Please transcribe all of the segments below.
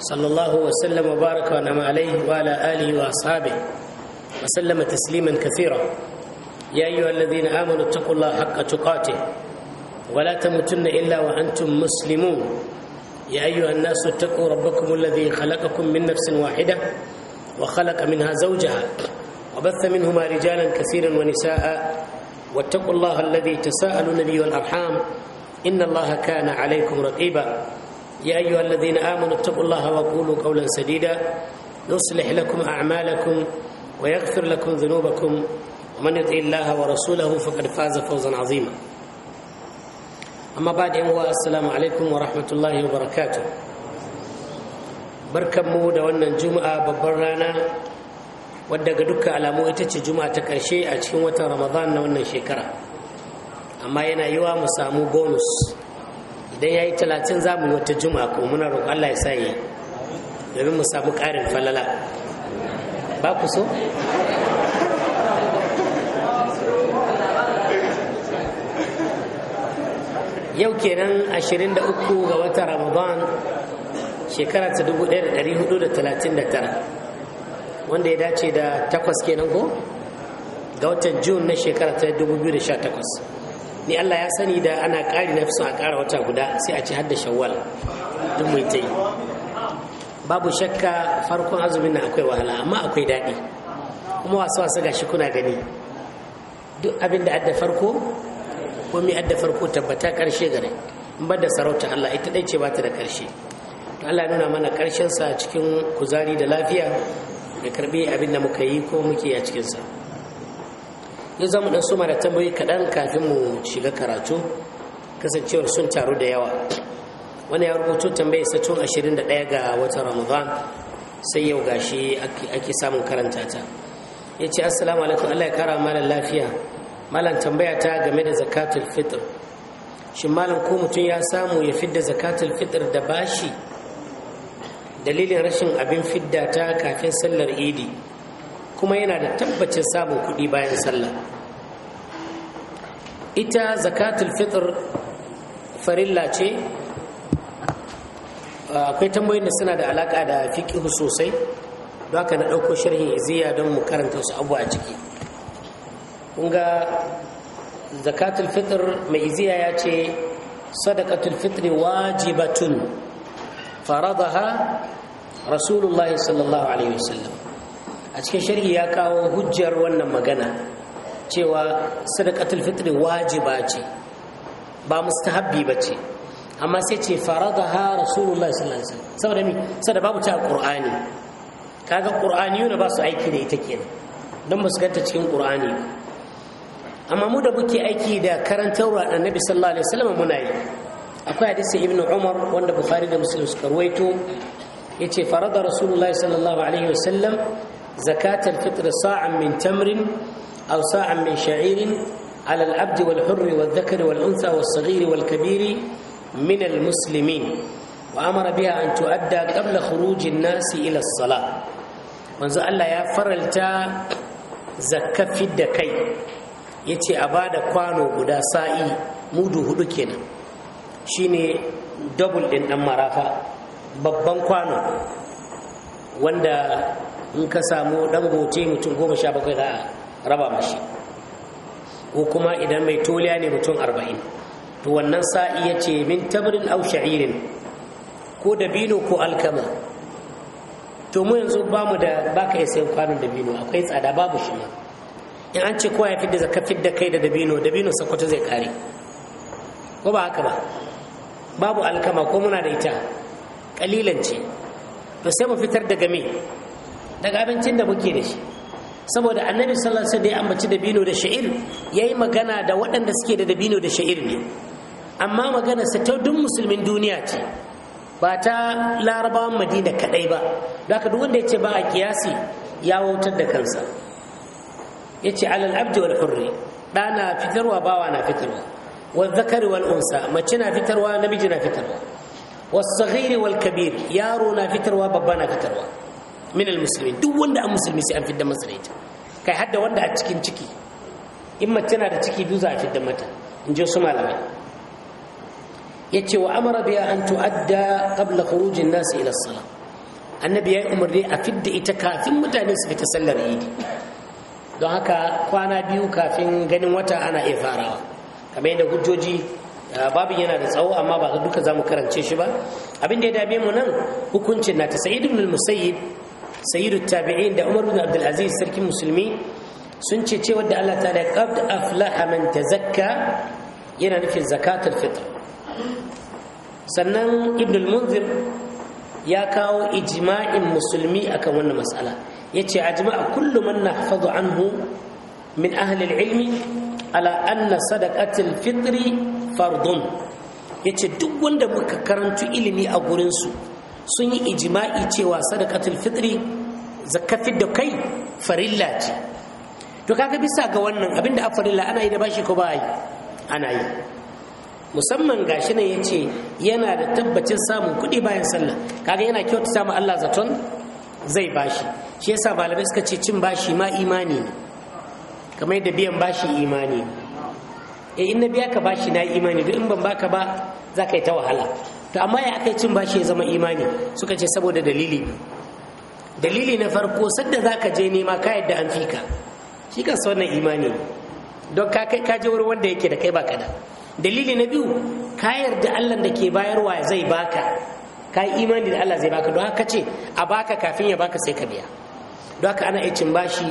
صلى الله وسلم وبارك وانعم عليه وعلى اله واصحابه وسلم تسليما كثيرا يا ايها الذين امنوا اتقوا الله حق تقاته ولا تموتن الا وانتم مسلمون يا ايها الناس اتقوا ربكم الذي خلقكم من نفس واحده وخلق منها زوجها وبث منهما رجالا كثيرا ونساء واتقوا الله الذي تساءلون به والارحام ان الله كان عليكم رقيبا يا أيها الذين آمنوا اتقوا الله وقولوا قولا سديدا يصلح لكم أعمالكم ويغفر لكم ذنوبكم ومن يطع الله ورسوله فقد فاز فوزا عظيما أما بعد هو السلام عليكم ورحمة الله وبركاته بركة مودة وأن الجمعة ببرانا wadda ga dukkan alamu ita ce juma ta ƙarshe a cikin watan ramadan na wannan shekara amma yana yiwa mu samu bonus idan ya yi talatin za mu yi wata juma'a ko muna roƙon Allah ya sa yi domin mu samu ƙarin falala ba ku so yau kenan 23 ga watan ramadan shekara ta 1439 wanda ya dace da takwas kenan ko ga watan Jun na shekara ta 2018 ni Allah ya sani da ana ƙari na son a ƙara wata guda sai a ci har shawwal duk mai ta yi babu shakka farkon azumin na akwai wahala amma akwai daɗi kuma wasu wasu gashi kuna gani duk abin da adda farko ko mai adda farko tabbata ƙarshe gare in da sarauta Allah ita ɗai ce ba ta da ƙarshe Allah nuna mana ƙarshensa cikin kuzari da lafiya da karɓi abin da muka yi ko muke a cikinsa. yi zama mu ɗan soma da tambayi kaɗan kafin mu shiga karatu kasancewar sun taru da yawa wani ya rubuto tambayi sa tun 21 ga watan ramadan sai yau gashi ake samun karanta ta ya ce assalamu alaikum allah ya kara malam lafiya malam tambaya ta game da zakatul fitr shi malam ko mutum ya samu ya fidda zakatul fitr da bashi dalilin rashin abin fidda ta kafin sallar idi kuma yana da tabbacin samun kuɗi bayan sallah ita zakatul fitr farilla ce akwai tambayoyin da suna da alaƙa da fiƙihu sosai don haka na ɗauko sharhin iziya don mu karanta su abu a ciki ga zakatul fitr mai iziya ya ce sadakatul fitr wajibatun faradaha rasulullahi sallallahu alaihi wasallam a cikin shari'i ya kawo hujjar wannan magana cewa sadaqatul fitr wajiba ce ba mustahabbi ba ce amma sai ce faradaha rasulullahi sallallahu alaihi wasallam saboda me saboda babu ta qur'ani kaga qur'aniyuna ba su aiki da ita kenan don ba su ganta cikin qur'ani amma mu da muke aiki da karantarwa annabi sallallahu alaihi wasallam muna yi akwai hadisi ibnu umar wanda bukhari da muslim suka ruwaito yace farada rasulullahi sallallahu alaihi wasallam زكاة الفطر صاعا من تمر أو صاعا من شعير على العبد والحر والذكر والأنثى والصغير والكبير من المسلمين وأمر بها أن تؤدى قبل خروج الناس إلى الصلاة manzo Allah ya faralta zakka fidda kai ya ce a ba da kwano guda sa'i mudu hudu kenan shine double ɗin ɗan marafa babban kwano wanda in ka samu dan gote mutum goma sha bakwai za a raba mashi ko kuma idan mai toliya ne mutum arba'in to wannan sa'i ya ce min tamrin au sha'irin ko dabino ko alkama to mu yanzu ba mu da ba ka isa kwanon dabino akwai tsada babu shi ma in an ce kowa ya fidda zaka fidda kai da dabino dabino sakwato zai kare ko ba haka ba babu alkama ko muna da ita kalilan ce to sai mu fitar da game daga abincin da muke da shi saboda annabi sallallahu alaihi wasallam da ya dabino da sha'ir yayi magana da waɗanda suke da dabino da sha'ir ne amma magana sa ta duk musulmin duniya ce ba ta larabawan madina kadai ba da duk wanda ya ce ba a kiyasi ya wautar da kansa ya ce alal abdi wal hurri ɗa na fitarwa bawa na fitarwa wal zakari wal unsa mace na fitarwa namiji na fitarwa wasu wal kabir yaro na fitarwa babba na fitarwa minal musulmi duk wanda an musulmi sai an fidda masa da ita kai hadda wanda a cikin ciki in mace tana da ciki biyu za a fidda mata in ji wasu malamai ya ce wa amara biya an tu'adda qabla khurujin nasu ila salat annabi ya yi umarni a fidda ita kafin mutane su fita sallar idi don haka kwana biyu kafin ganin wata ana iya farawa kamar yadda hujjoji ah, babin yana da tsawo amma ba duka za mu karance shi ba abin da ya dame mu nan hukuncin na ta sa'id ibn al-musayyib sayyidu tabi'in da umar bin abdul aziz sarkin musulmi sun ce cewa da Allah ta'ala qad aflaha man tazakka yana nufin zakatul fitr sannan ibn al-munzir ya kawo ijma'in musulmi akan wannan mas'ala yace ajma'a kullu man nahfadhu anhu min ahli al-ilmi ala anna sadaqatul fitri fardun yace duk wanda muka karantu ilimi a gurin su sun yi ijima'i cewa sadakatul fitri zakatul da kai farilla ce to kaga bisa ga wannan abinda a farilla ana yi da bashi ko ba yi ana yi musamman gashi ne yace yana da tabbacin samun kuɗi bayan sallah kaga yana kyautata ma Allah zaton zai bashi shi yasa malamai suka ce cin bashi ma imani ne kamar yadda biyan bashi imani ne eh in na biya ka bashi na imani duk in ban baka ba za yi ta wahala to amma ya aka cin bashi ya zama imani suka ce saboda dalili dalili na farko sadda za ka je nema ka yadda an fi ka shi kan wannan imani don ka je wurin wanda yake da kai ba da. dalili na biyu ka yarda allah da ke bayarwa zai baka ka yi imani da allah zai baka don haka ce a baka kafin ya baka sai ka biya don haka ana iya cin bashi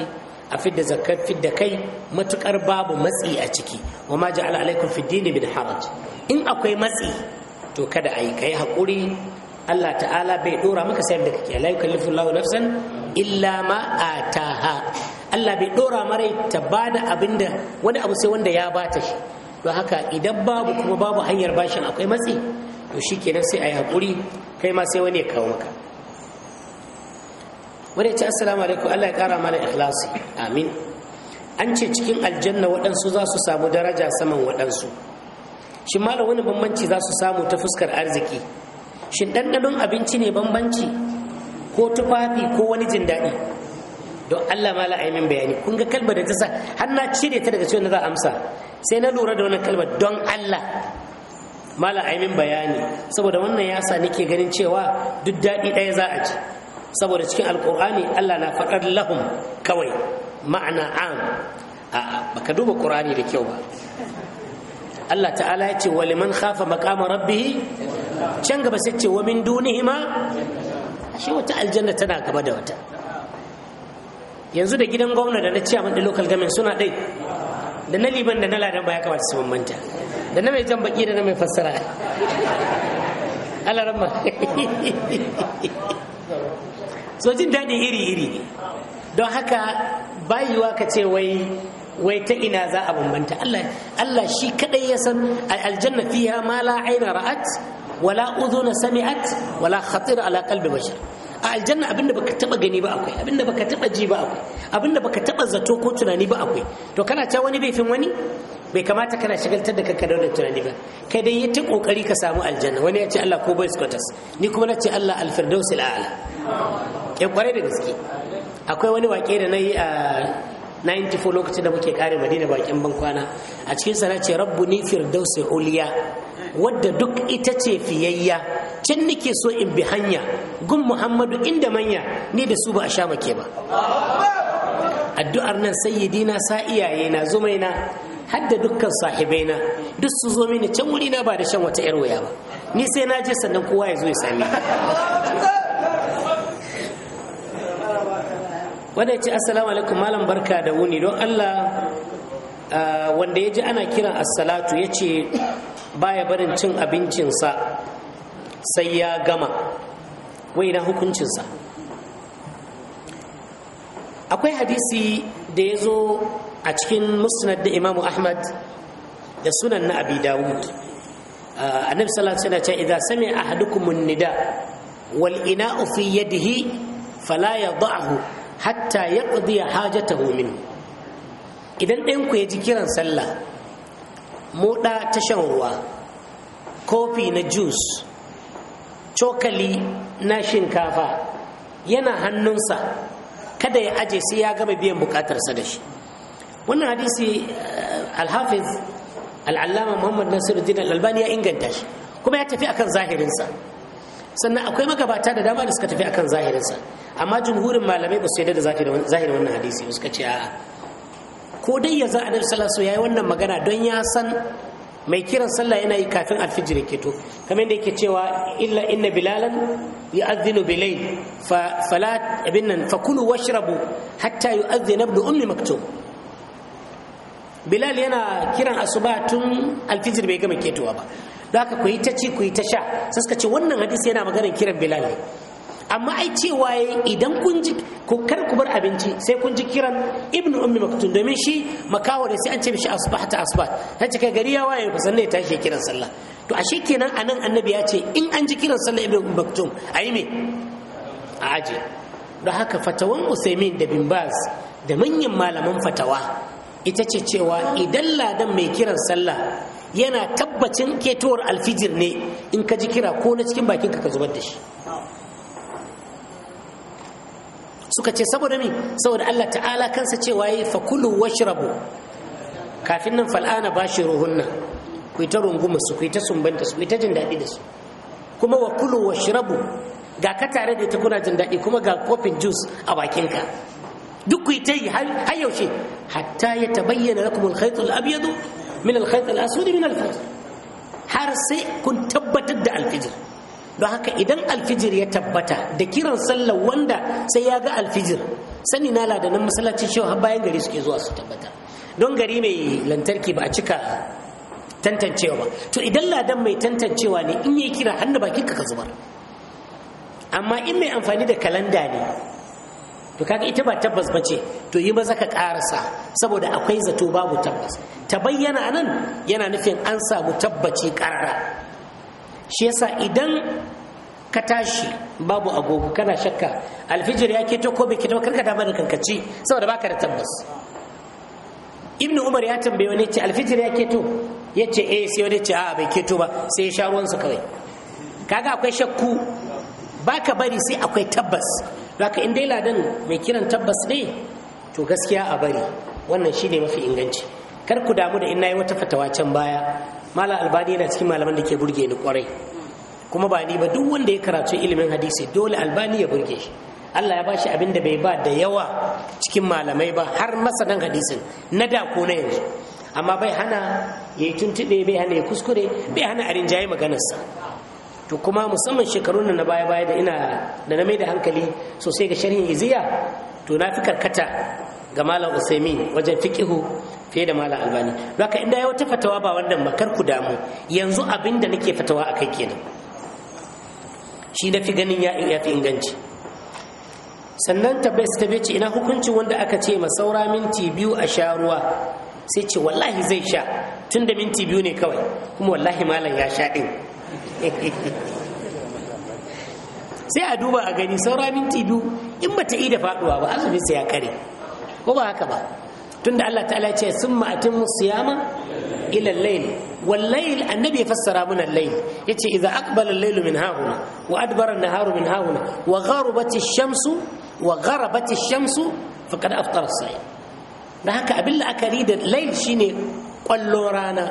a fidda zakat fidda kai matukar babu matsi a ciki wa ma ja'ala alaikum fid dini min haraj in akwai matsi to kada a yi ka yi haƙuri Allah ta'ala bai ɗora maka sayar da kake la yukallifu Allahu nafsan illa ma ataha Allah bai ɗora marai ta bada abinda wani abu sai wanda ya ba ta shi don haka idan babu kuma babu hanyar bashin akwai matsi to kenan sai a yi haƙuri kai ma sai wani ya kawo maka wani ce assalamu alaikum Allah ya kara mana ikhlasi amin an ce cikin aljanna waɗansu za su samu daraja saman waɗansu shin malam wani bambanci za su samu ta fuskar arziki shin ɗanɗanon abinci ne bambanci ko tufafi ko wani jin daɗi don allah mala a bayani kun ga kalmar da ta sa har na cire ta daga cewa na za amsa sai na lura da wannan kalmar don allah mala a bayani saboda wannan ya sa nake ganin cewa duk daɗi ɗaya za a ci saboda cikin alkur'ani allah na faɗar lahum kawai ma'ana am a'a baka duba ƙur'ani da kyau ba Allah ta'ala ya ce waliman khafa maqama rabbih can gaba sai ce wa min dunihima shi wata aljanna tana gaba da wata yanzu da gidan gwamna da na ciyaman da local government suna ɗai da na liban da na ladan ba ya kamata su bambanta da na mai jan baki da na mai fassara Allah ramma so jin daɗi iri iri don haka bayuwa ka ce wai wai ta ina za a bambanta Allah Allah shi kadai ya san aljanna fiha ma la aina ra'at wala udhuna sami'at wala khatir ala qalbi bashar a aljanna abinda baka taba gani ba akwai abinda baka taba ji ba akwai abinda baka taba zato ko tunani ba akwai to kana ta wani bai fin wani bai kamata kana shagaltar da kanka da tunani ba kai dai yatta kokari ka samu aljanna wani ya ce Allah ko boys quarters ni kuma na ce Allah alfirdausil a'la ya kwarai da gaske akwai wani wake da yi a 94 lokacin da muke kare madina bakin bankwana a cikin sana ce rabbu ni firdausi uliya wadda duk ita ce fiyayya can nake so in bi hanya gun muhammadu inda manya ni da su ba a sha make ba addu'ar nan sai sayyidina sa iyaye na na hadda dukkan na duk su zo mini can wuri na ba da shan wata yar waya ba ni sai na je sannan kowa ya zo ya sami wanda ya ce assalamu alaikum malam barka da wuni don allah wanda ya ji ana kiran assalatu ya ce baya barin cin abincinsa sai ya gama wai na hukuncinsa akwai hadisi da ya zo a cikin musnad da imamu ahmad da sunan na abi dawud annabi sallallahu alaihi wasallam ce idan sami ahadukum nida wal ina'u fi yadihi fala yadh'ahu hatta ya ya haja ta homin idan ɗanku ya ji kiran sallah moɗa ta shan ruwa kofi na jus cokali na shinkafa yana hannunsa kada ya aje sai ya gama biyan bukatarsa da shi wannan hadisi eh, alhafiz al'allama muhammad Nasiru albani ya inganta shi kuma ya tafi akan zahirinsa sannan akwai magabata da dama da suka tafi akan zahirinsa amma jumhurin malamai ba su yarda da zahirin wannan hadisi ba suka ce a'a ko dai ya za annabi sallallahu ya yayi wannan magana don ya san mai kiran sallah yana yi kafin alfijir yake to kamar da yake cewa illa inna bilalan yu'adhdhinu bilayl fa fala abinnan fa kulu washrabu hatta yu'adhdhina ibn ummi maktub bilal yana kiran asuba tun alfijir bai gama ketowa ba da haka ku yi ta ci ku yi ta sha sai suka ce wannan hadisi yana maganar kiran bilal amma ai cewa idan kun ji ku kar ku bar abinci sai kun ji kiran ibnu ummi maktum domin shi makawa da sai an ce mishi asbahta asbaht ta ce kai gari ya waye fa sannan tashi kiran sallah to ashe kenan anan annabi ya ce in an ji kiran sallah ibnu ummi maktum ayi me a aje don haka fatawan usaimin da bin baz da manyan malaman fatawa ita ce cewa idan ladan mai kiran sallah yana tabbacin ketowar alfijir ne in ka ji kira ko na cikin bakinka ka zubar da shi suka ce saboda mi saboda Allah ta'ala kansa cewa yi fakulu washrabu kafin nan fal'ana bashi ruhunna ku ta runguma su ku ta sumbanta su ku ta jin daɗi da su kuma wa kulu washrabu ga ka tare da ita kuna jin daɗi kuma ga kofin juice a bakinka duk ku ta yi har yaushe hatta ya tabayyana lakumul khaytul abyadu min alkhayt al-aswad min har sai kun tabbatar da alfijir don haka idan alfijir ya tabbata da kiran sallar wanda sai ya ga alfijir sani na ladanin masallacin shewa har bayan gari suke zuwa su tabbata don gari mai lantarki ba a cika tantancewa ba to idan ladan mai tantancewa ne in ya kira hannu baki ka ka zubar amma in mai amfani da kalanda ne to kaga ita ba tabbas ba ce to yi maza ka karasa saboda akwai zato babu tabbas ta bayyana nan yana nufin an samu tabbaci karara shi yasa idan ka tashi babu agogo kana shakka alfijir ya keto ko bai keto karka dama da kankaci saboda baka da tabbas Ibn umar ya tambaye wani ce alfijir ya keto ya ce eh sai wani ce a bai keto ba sai ya sha ruwansa kawai kaga akwai shakku ba ka bari sai akwai tabbas haka in dai ladan mai kiran tabbas ne to gaskiya a bari wannan shi ne mafi inganci kar ku damu da ina yi wata fatawa can baya mala albani yana cikin malaman da ke burge ni kwarai kuma ba ni ba duk wanda ya karatu ilimin hadisi dole albani ya burge shi Allah ya bashi abin da bai ba da yawa cikin malamai ba har masanan hadisin na da ko na yanzu amma bai hana ya yi tuntuɓe bai hana ya kuskure bai hana a rinjaye maganarsa to kuma musamman shekarun na baya baya da ina da na mai da hankali sosai ga sharhin iziya to na fi karkata ga malam usaimi wajen fiqihu fiye da malam albani haka inda ya wata fatawa ba wannan ba kar ku damu yanzu abin da nake fatawa a kai kenan shi na fi ganin ya fi inganci sannan tabbas ta ce ina hukuncin wanda aka ce ma saura minti biyu a sha ruwa sai ce wallahi zai sha tunda minti biyu ne kawai kuma wallahi malam ya sha ɗin sai a duba a gani saura minti biyu in bata yi da faduwa ba azumi sai ya kare ko ba haka ba tunda Allah ta'ala ce sun ma'atin siyama ila layl wal layl annabi ya fassara mana layl yace idza aqbala al-layl min hauna wa adbara naharu min hauna wa gharabat shamsu wa gharabat shamsu faqad aftara as da haka abin la'akari da lail shine kwallon rana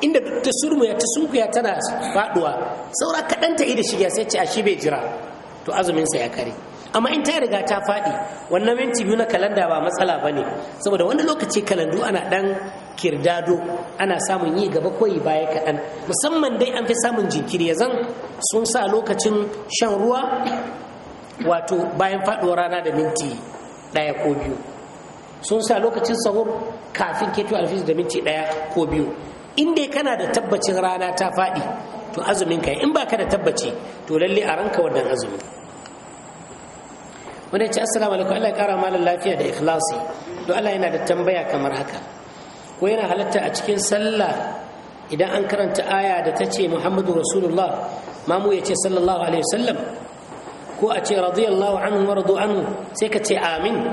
inda duk ta surmuya ta sunkuya tana faduwa saura kaɗan ta ida shiga sai ce a shi bai jira to azuminsa ya kare amma in ta riga ta faɗi wannan minti biyu na kalanda ba matsala ba ne saboda wani lokaci kalandu ana ɗan kirdado ana samun yi gaba koyi baya kaɗan musamman dai an fi samun jinkiri ya zan sun sa lokacin shan ruwa wato bayan faɗuwar rana da minti ɗaya ko biyu sun sa lokacin sahur kafin keto alfis da minti ɗaya ko biyu in dai kana da tabbacin rana ta faɗi to azumin ka in baka da tabbaci to lalle a ranka wannan azumi wanda ya ce assalamu alaikum Allah ya kara malam lafiya da ikhlasi to Allah yana da tambaya kamar haka ko yana halatta a cikin sallah idan an karanta aya da ta ce muhammadu rasulullah mamu ya ce sallallahu alaihi wasallam ko a ce radiyallahu anhu wa radu anhu sai ka ce amin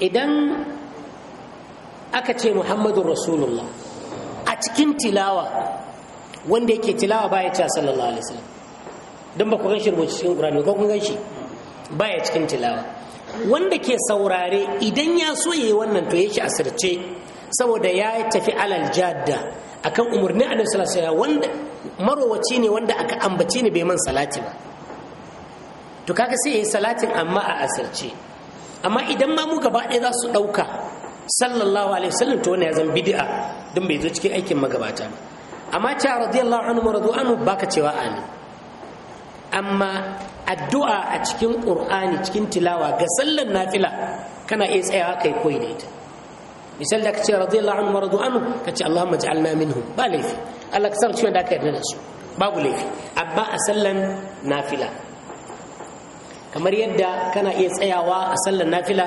idan aka ce muhammadun rasulullah a cikin tilawa wanda yake tilawa baya cewa sallallahu alaihi wasallam don ba ku gan shi rubuci cikin ƙur'ani ko kun gan shi baya cikin tilawa wanda ke saurare idan ya so yi wannan to ya yake asirce saboda ya tafi alal jadda akan umarni a sallallahu alaihi wanda marowaci ne wanda aka ambace ne bai man salati ba to kaga sai ya yi salatin amma a asirce amma idan ma mu gaba ɗaya za su ɗauka sallallahu alaihi wasallam to wannan ya zama bid'a don bai zo cikin aikin magabata ba amma ta radiyallahu anhu maradu anhu baka cewa amin amma addu'a a cikin qur'ani cikin tilawa ga sallan nafila kana iya tsayawa kai koyi da ita misal da kace radiyallahu anhu maradu anhu kace allahumma ij'alna minhum ba laifi Allah ka san cewa da ka yarda da su babu laifi amma a sallan nafila kamar yadda kana iya tsayawa a sallan nafila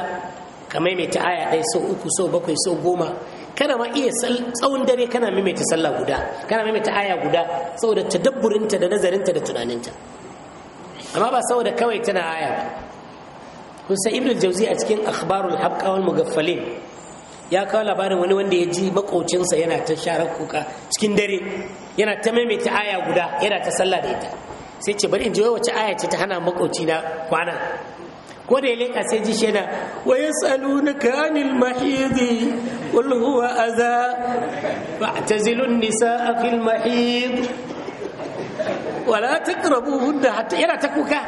ka maimaita aya ɗaya sau uku sau bakwai sau goma kana ma iya tsawon dare kana maimaita sallah guda kana maimaita aya guda saboda tadabburinta da nazarinta da tunaninta amma ba saboda kawai tana aya ba kun san ibnu jauzi a cikin akhbarul habqa wal mugaffalin ya kawo labarin wani wanda ya ji makocinsa yana ta sharar kuka cikin dare yana ta maimaita aya guda yana ta sallah da ita sai ce bari in je wace aya ce ta hana makocina kwana ko da ya leka sai ji shaida wa yas'alunaka a za? Ba a ta fa'tazilu nisa a fil mahid wa la taqrabuhunna hatta yana ta kuka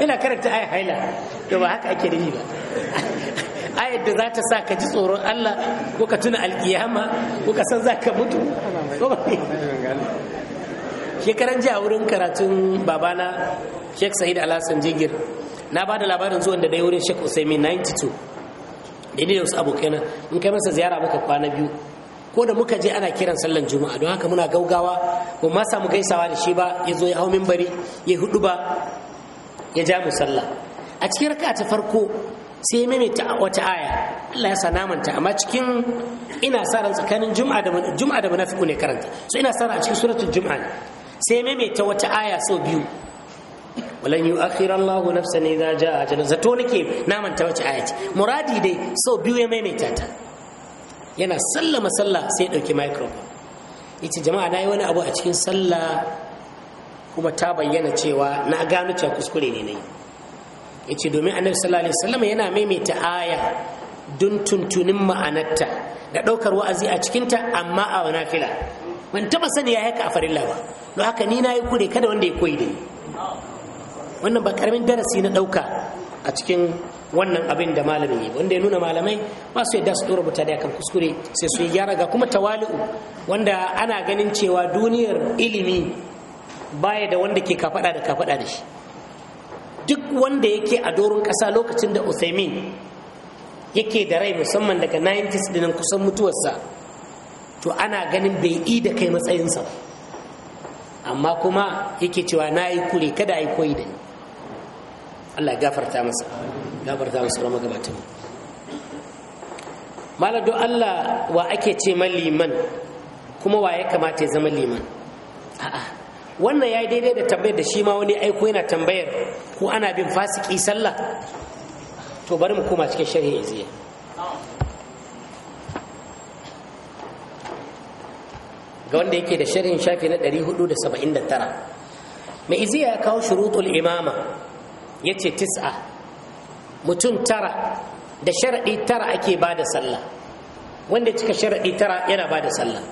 yana karanta ayat haila to ba haka ake da yi ba ayat da za ta sa ka ji tsoron Allah ko ka tuna alkiyama ko ka san za ka mutu shekaran ji a wurin karatun babana Sheikh Sa'id Alhassan Jigir na ba da labarin zuwan da dai wurin Sheikh Usaimi 92 da ne da wasu abokaina in kai masa ziyara muka kwana biyu ko da muka je ana kiran sallan juma'a don haka muna gaugawa ba ma samu gaisawa da shi ba ya zo ya hau mimbari ya hudu ba ya ja mu sallah a cikin raka ta farko sai maimaita wata aya Allah ya sa namanta amma cikin ina sa ran tsakanin juma'a da juma'a da munafiku ne karanta so ina sa ran a cikin suratul juma'a sai maimaita wata aya so biyu walan yu'akhir Allah ne na jaa ajalun zato nake naman manta wace aya muradi dai so biyu ya maimaita ta yana sallama sallah sai ya dauki microphone yace jama'a yi wani abu a cikin sallah kuma ta bayyana cewa na gano cewa kuskure ne nayi yace domin annabi sallallahu alaihi wasallam yana maimaita aya don tuntunin ma'anarta da ɗaukar wa'azi a cikinta amma a wana fila ban taɓa sani ya haka a farin ba don haka ni na yi kure kada wanda ya koyi da ni wannan ba karamin darasi na ɗauka a cikin wannan abin da malamin yi wanda ya nuna malamai ba su yadda su buta da kan kuskure sai su yi gyara ga kuma tawali'u wanda ana ganin cewa duniyar ilimi baya da wanda ke kafaɗa da kafada da shi duk wanda yake a doron kasa lokacin da usaimin yake da rai musamman daga 90s dinan kusan mutuwarsa to ana ganin bai yi da kai matsayinsa amma kuma yake cewa na yi kure kada a yi koyi da ni Allah ya gafarta masa gafarta masa kuma magabatan mala do Allah wa ake ce liman kuma wa ya kamata ya zama liman a'a wannan ya yi daidai da tambayar da shi ma wani aiko yana tambayar ko ana bin fasiki sallah to bari mu koma cikin sharhi yanzu ga wanda yake da sharhin shafi na 479 mai iziya ya kawo shurutul imama ya ce tis'a mutum tara da sharaɗi tara ake ba da sallah wanda cika sharaɗi tara yana ba da sallah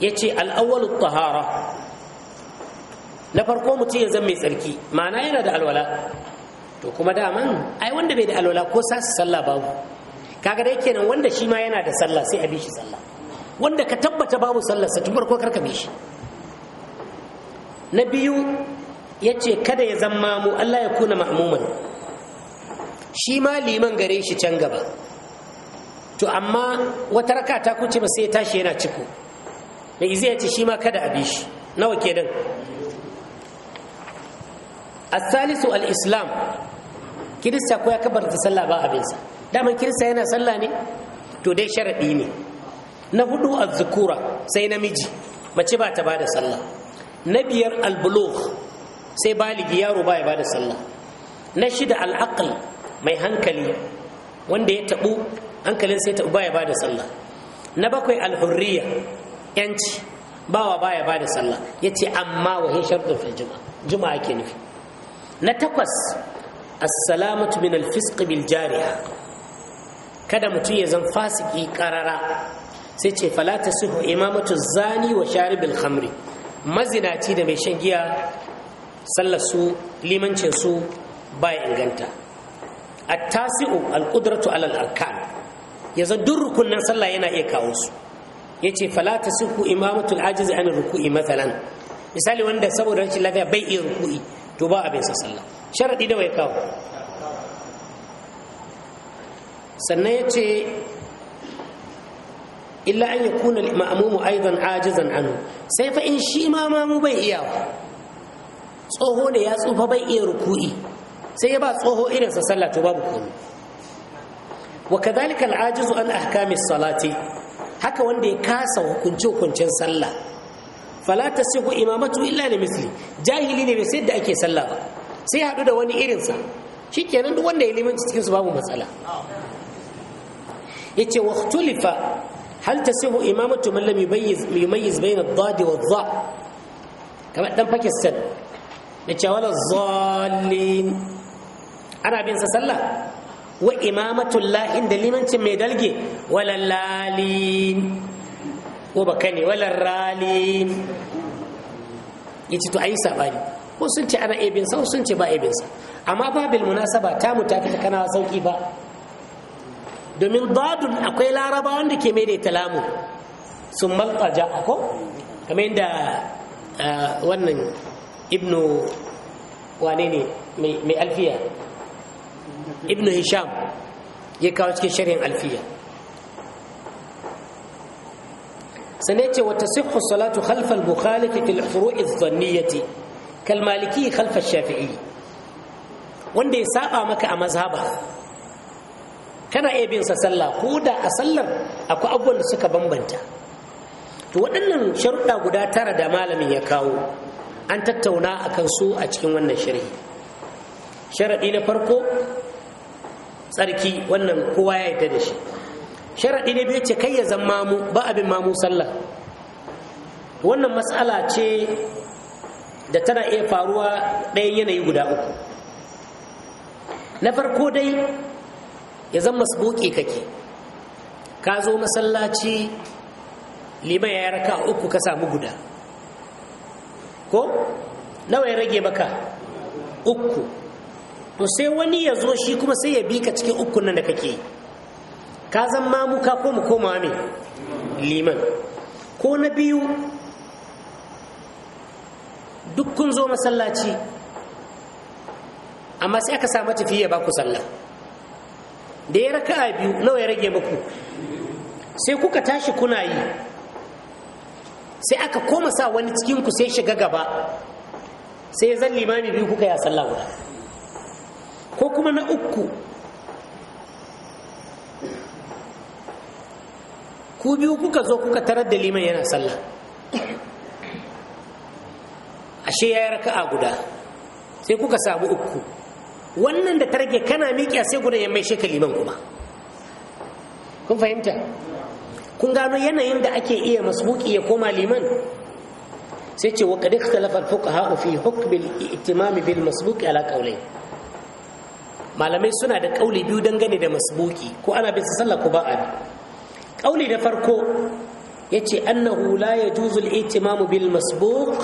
ya ce al'awwalu tahara na farko mutum ya zan mai tsarki ma'ana yana da alwala to kuma daman ai wanda bai da alwala ko su sallah babu kaga dai kenan wanda shi ma yana da sallah sai a bi shi sallah wanda ka tabbata babu sa tun farko karka bi shi na biyu ya ce kada ya zama mu Allah ya kuna ma'amuman shi ma liman gare shi can gaba to amma wata raka ta kuce ba sai ya tashi yana ciko mai izi ya ce shi ma kada a bi shi nawa kenan asalisu al-islam kirista ko ya kabar da sallah ba abinsa daman kirista yana sallah ne to dai sharaɗi ne na hudu zukura sai namiji mace ba ta bada sallah na biyar albulugh sai baligi yaro baya bada sallah na shida al'aql mai hankali wanda ya tabu hankalin sai tabu baya bada sallah na bakwai alhurriya yanci bawa baya bada sallah yace amma wa hi shartu fil juma'a juma'a ake nufi na takwas assalamatu min alfisq bil jariha kada mutum ya zan fasiki karara sai ce Falata tasihu imamatu zani wa sharibil khamri mazinaci da mai shan giya sallar su limancin su baya inganta a tasiu al-qudratu alal arkan yanzu duk rukunin sallah yana iya kawo su Ya ce Falata tasihu imamatul ajiz an ruku'i mathalan misali wanda saboda rashin lafiya bai iya ruku'i to ba abin sa sallah sharadi da wai kawo sannan ya ce illa an yakuna al-ma'mumu aidan ajizan anhu sai fa in shi ma mamu bai iyawa tsoho ne ya tsufa bai iya ruku'i sai ya ba tsoho irinsa sallah to babu komai wa kadhalika al-ajizu an ahkami salati haka wanda ya kasa hukunce hukuncen sallah fala tasihu imamatu illa li misli jahili ne bai sai da ake sallah ba sai hadu da wani irinsa, shikenan duk wanda ya limanci cikin su babu matsala yace wa ikhtulifa hal tasihu imamatu man lam yumayyiz yumayyiz bayna ad-dad wa dha kamar dan Pakistan da cewa zallin ana bin sa sallah wa imamatul lahin da limancin mai dalge walallalin ko ba baka ne ya ce to a yi sabani ko sun ce ana ibin sa sun ce ba ibin sa amma babil munasaba ta mu ta fita kana sauki ba domin dadun akwai laraba wanda ke mai da lamu sun malƙaja ko kamar yadda eh, wannan ibnu wane ne mai alfiya ibnu hisham ya kawo cikin shirin alfiya sane ce wata sihhu salatu khalfal bukhari fil furu'i dhanniyati kalmaliki halfar shafi'i wanda ya saba maka a mazhaba kana iya binsa sa sallah ko da a sallar akwai abubuwan da suka bambanta to waɗannan sharuɗa guda tara da malamin ya kawo an tattauna a kan su a cikin wannan shirin sharaɗi na farko tsarki wannan kowa ya yadda da shi sharaɗi na biyu ce kai ya zan mamu ba abin mamu sallah wannan matsala ce da tana iya faruwa ɗayan yanayi guda uku na farko dai ya zan masbuƙi kake ka zo masallaci liman ya raka uku ka samu guda ko nawa ya rage maka uku to sai wani ya zo shi kuma sai ya bi ka cikin uku nan da kake ka zan mamu ka koma koma liman ko na biyu duk kun zo masallaci amma sai aka samu tafiya ba ku sallah da ya raka'a biyu nawa ya rage maku? sai kuka tashi kuna yi sai aka koma sa wani cikin ku sai shiga gaba sai zan limami biyu kuka ya sallah guda ko kuma na uku ku biyu kuka zo kuka tarar da liman yana sallah ashe ya yi raka'a guda sai kuka samu uku wannan da targe kana miƙiya sai guda ya mai shekali liman kuma kun fahimta kun gano yanayin da ake iya masbuki ya koma liman sai ce wa qad ikhtalafa al-fuqaha fi hukm al bil masbuki ala qawlay malamai suna da kauli biyu dangane da masbuki ko ana bin sallah ko ba a kauli da farko yace annahu la yajuzu al-i'timam bil masbuk?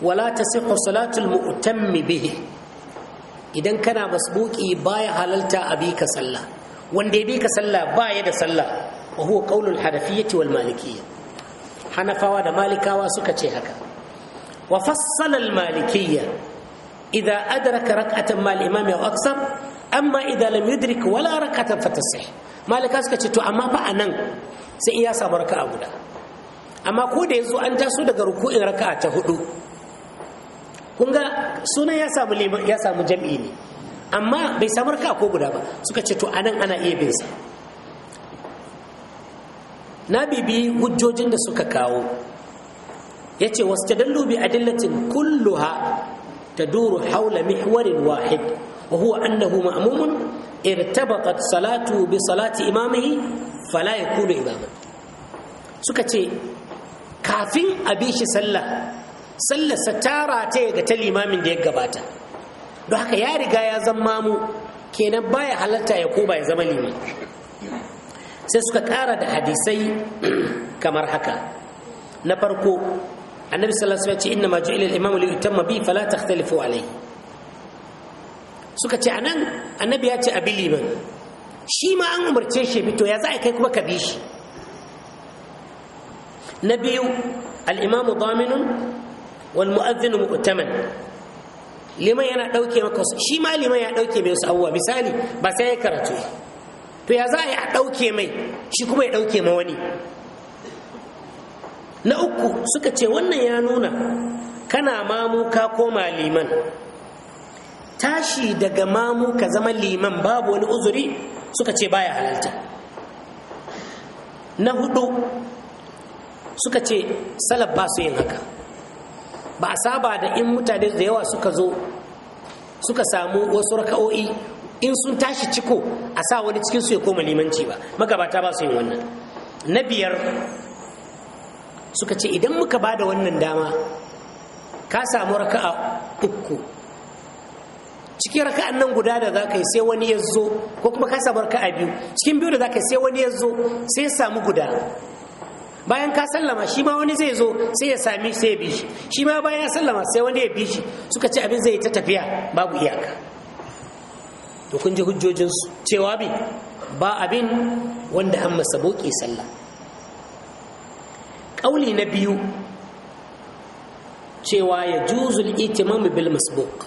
Wala ta tasihhu salatu al bihi idan kana masbuki baya halalta a ka sallah wanda ya bi ka sallah baya da sallah wa huwa qaulul hanafiyyati wal malikiyya hanafawa da malikawa suka ce haka wa fassala al malikiyya idza adraka rak'atan mal imam aw amma idza lam yudrik wala rak'atan fatasih malika suka ce to amma fa anan sai in ya samu raka'a guda amma ko da yazo an taso daga ruku'in raka'a ta hudu kun ga sunan ya samu jam'i ne amma bai samu raka'a ko guda ba suka ce to anan ana iya bin sa na bibi hujjojin da suka kawo ya ce wasu ta dallubi adillacin kulluha ta duru haula mihwarin wahid wa huwa annahu ma'mumun irtabaqat salatu bi salati imamihi fala yakunu imama suka ce kafin a bi shi sallah sallah sa tara ga tal imamin da ya gabata don haka ya riga ya zama mu kenan baya halatta ya ko ya zama limami sai suka ƙara da hadisai kamar haka na farko annabi sallallahu alaihi wasallam ya ce inna ma ju'ila al-imamu li yutamma bi fala takhtalifu alayhi suka ce anan annabi ya ce bi liman shi ma an umarce shi fito ya za a kai kuma ka bi shi na biyu al-imamu daminun wal mu'adhdhinu mu'taman liman yana dauke maka shi ma liman ya dauke mai wasu abubuwa misali ba sai ya karatu to ya za a yi a ɗauke mai shi kuma ya ɗauke ma wani na uku suka ce wannan ya nuna kana mamuka ka koma liman tashi daga mamu zama liman babu wani uzuri suka ce baya halalta na hudu suka ce salaf ba su yin haka ba a saba da in mutane da yawa suka zo suka samu wasu raka'o'i in sun tashi ciko a sa wani cikin su ya koma limanci ba magabata ba su yin wannan na biyar suka ce idan muka ba da wannan dama ka samu raka'a uku cikin raka'an nan guda da za ka yi sai wani ya zo ko kuma ka samu raka'a biyu cikin biyu da za ka yi sai wani ya zo sai ya samu guda bayan ka sallama shi ma wani zai zo sai ya sami sai ya bi shi shi ma bayan ya sallama sai wani ya bi shi suka ce abin zai ta tafiya babu iyaka to kun ji hujjojinsu cewa bi ba abin wanda an masa sallah ƙauli na biyu cewa ya juzul itimam bil masbuk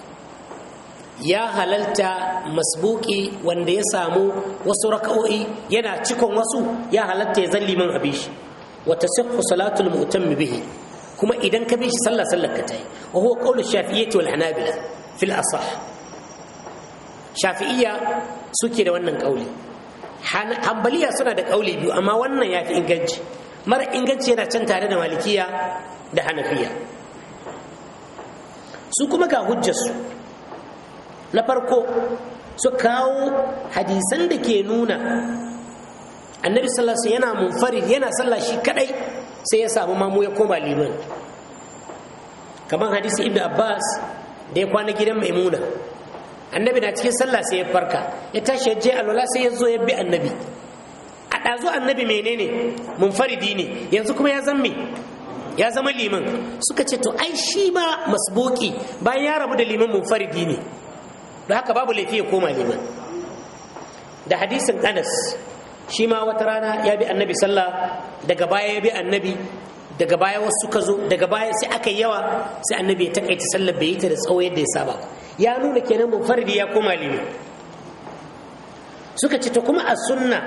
ya halalta masbuki wanda ya samu wasu raka'o'i yana cikon wasu ya halalta ya zalli man abishi wata sihhu salatul mu'tammi bihi kuma idan ka bi shi sallah sallar ka tayi wa huwa qawlu shafi'iyyati wal hanabila fil asah Shafi'iya suke da wannan kauli hambaliya suna da kauli biyu amma wannan ya fi inganci mara inganci yana can tare da malikiya da hanafiya su kuma ga hujjarsu na farko su kawo hadisan da ke nuna annabi sallallahu yana munfarid yana sallah shi kadai sai ya samu mamu ya koma liman kamar hadisi Ibn abbas da ya kwana gidan maimuna annabi na cikin sallah sai ya farka ya tashi ya je alwala sai ya zo ya bi annabi a ɗazu annabi menene munfaridi ne yanzu kuma ya ya zama liman suka ce to ai shi ma masboki bayan ya rabu da liman mumfari ne don haka babu laifi ya koma liman da hadisin anas shi ma wata rana ya bi annabi sallah daga baya ya bi annabi daga baya wasu suka zo daga baya sai aka yi yawa sai annabi ya takaita sallar bai yi ta da tsawo yadda ya saba ya nuna kenan faridi ya koma limi suka ce ta kuma a sunna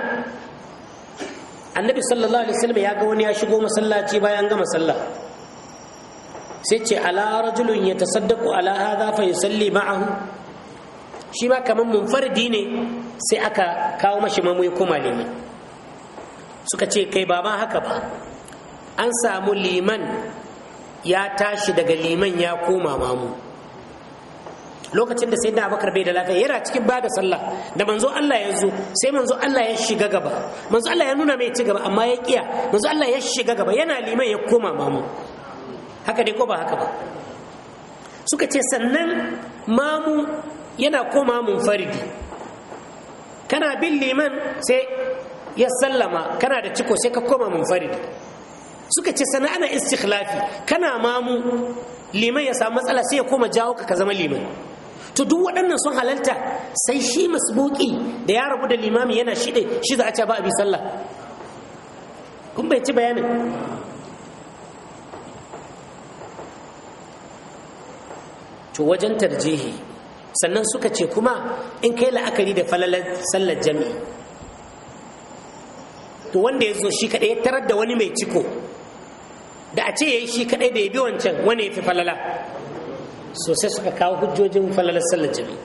annabi sallallahu alaihi wasallam ya ga wani ya shigo masallaci bayan gama sallah sai ce ala rajulun ya tasaddaqu ala hadha fa yusalli ma'ahu shi ma kaman faridi ne sai aka kawo mashi mamu ya koma limi suka ce kai ba ma haka ba an samu liman ya tashi daga liman ya koma mamu lokacin da sai na abakar bai da lafiya yana cikin ba da sallah da manzo Allah ya zo sai manzo Allah ya shiga gaba manzo Allah ya nuna mai ci gaba amma ya kiya manzo Allah ya shiga gaba yana liman ya koma mamu haka dai ko ba haka ba suka ce sannan mamu yana koma mun faridi kana bin liman sai ya sallama kana da ciko sai ka koma mun faridi suka ce sana'ar ana istikhlafi kana mamu liman ya samu matsala sai ya koma jawo ka ka zama liman to duk waɗannan sun halalta sai shi masboki da ya rabu da limami yana shiɗe shi za a ce ba a bi sallah kun bai ci bayanin to wajen tarjihi sannan suka ce kuma in kai la'akari da falalar sallar jami'i to wanda ya zo shi kaɗai ya tarar da wani mai ciko da a ce ya yi shi kaɗai da ya bi wancan wani ya fi falala sosai suka kawo hujjojin falalar sallar jami'i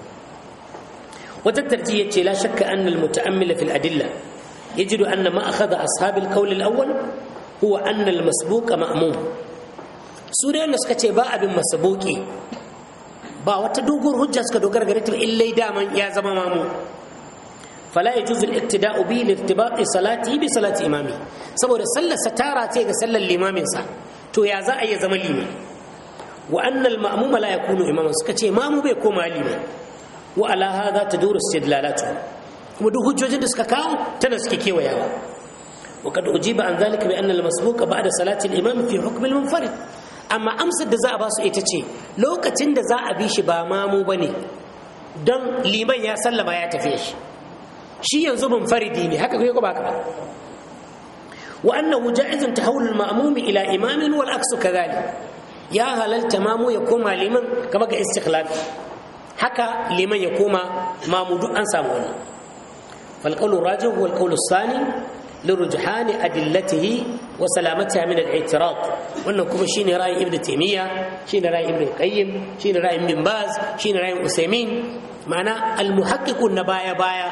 wata tarji ya ce la shakka an al-muta'ammila fil adilla yajidu anna ma akhadha ashab al-qawl al-awwal huwa anna al-masbuq ma'mum su da wanda suka ce ba abin masabuki ba wata doguwar hujja suka dogara gare ta illai daman ya zama mamu fala yajuzu al-iqtida'u bi li salati bi salati imami saboda sallar satara ce ga sallar limamin sa to ya za a yi zama liman wa anna al-ma'muma imaman suka ce mamu bai koma liman wa ala hadha taduru lalatu kuma duk hujjojin da suka kawo tana suke kewayawa وقد أجيب عن ذلك بأن المسبوق بعد صلاة الإمام في حكم المنفرد أما أمس الدزاء باسو mamu لو كتن دزاء بيش بامامو بني دم tafi يسلم يتفيش shi yanzu mun faridi ne haka kai ko ba ka wa annahu ja'izun tahawul al ila imamin wal aksu kadhalik ya halalta mamu ya koma liman kamar ga istikhlafi haka liman ya koma mamu duk an samu wannan fal qawlu rajih wal qawlu sani لرجحان أدلته وسلامتها من الاعتراض وأنه كما شين رأي ابن تيمية شين رأي ابن القيم شين رأي ابن باز شين رأي أسيمين معنى المحقق النبايا بايا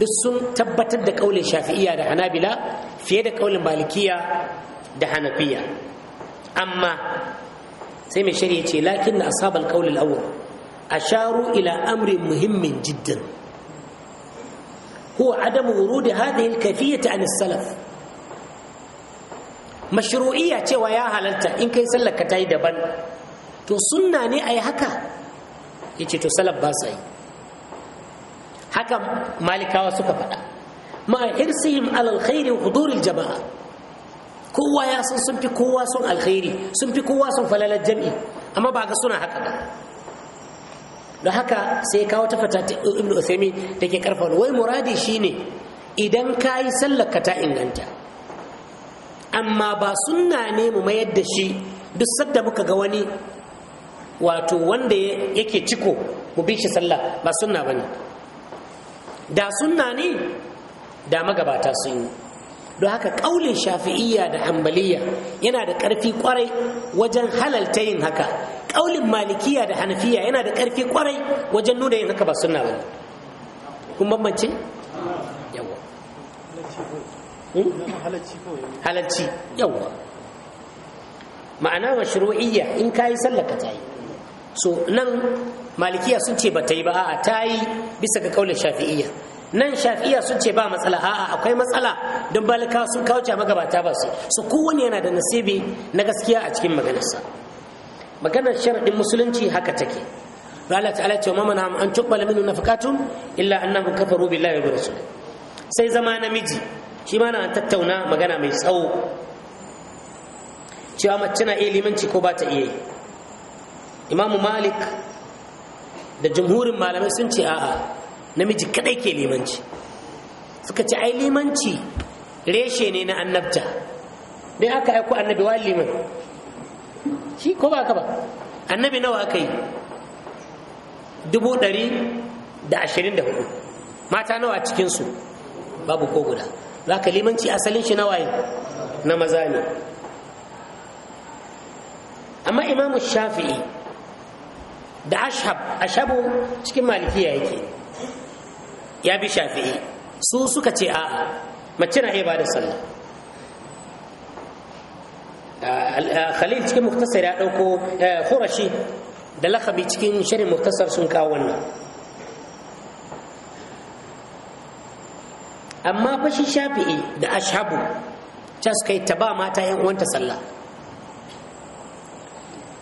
duk sun tabbatar da kaulin shafi'iya da hanabila fiye da kaulin malikiya da hanafiya amma sai mai shari'a ce lakin na asabal kaulin awon sharu ila amri muhimmin jiddan هو عدم ورود هذه الكيفية عن salaf مشروعية cewa ya halarta in kai sallar ka tayi daban to sunna ne yi haka ce to salaf ba yi. haka malikawa suka faɗa ma'a hirsihim alal khairi jama'a kowa ya san sun fi kowa sun alkhairi sun fi kowa sun falalar jam'i amma ba ga suna haka ba haka sai kawo ta fata ta ibnu usaimi da ke karfa wai muradi shine idan ka yi sallar ka ta inganta amma ba sunna ne mu mayar da shi duk sadda muka ga wani wato wanda yake ciko mu bi shi sallah ba sunna bane da sunna ne da magabata sun yi don haka ƙaulin shafi'iyya da hambaliya yana da ƙarfi ƙwarai wajen halalta yin haka ƙaulin malikiya da hanafiya yana da ƙarfi ƙwarai wajen nuna yin haka ba sunna ba kun bambance yawa hmm? halalci yawa ma'ana mashru'iyya in kayi sallaka ta yi so nan malikiya sun ce ba ta yi ba a ta yi bisa ga kaulin shafi'iyya nan shafi'iyya sun ce ba matsala a'a akwai matsala don balika sun kawo magabata ba su so kowane yana da nasibi na gaskiya a cikin maganarsa maganar sharaɗin musulunci haka take Allah ta'ala ce wa mamana an tuqbala minhu nafaqatun illa kafa kafaru billahi wa rasul sai zama namiji shi ma na tattauna magana mai tsawo cewa mace na iya limanci ko ba ta iya yi imamu malik da jamhurin malamai sun ce a'a namiji kadai ke limanci suka ce ai limanci reshe ne na annabta dai aka aiko annabi wa liman shi ko ba ka ba annabi nawa aka yi dubu ɗari da ashirin da hudu mata nawa cikinsu babu ko guda za ka limanci asalin shi nawaye na maza ne amma imamu shafi'i da ashab ashabu cikin malikiya yake ya bi shafi'i su suka ce a'a mace na iya ba da sallah khalil cikin muktasar ya ɗauko khurashi eh, da lakabi cikin shirin muktasar sun kawo wannan amma fashi shafi'i da ashabu ta suka yi ta ba mata yan uwanta sallah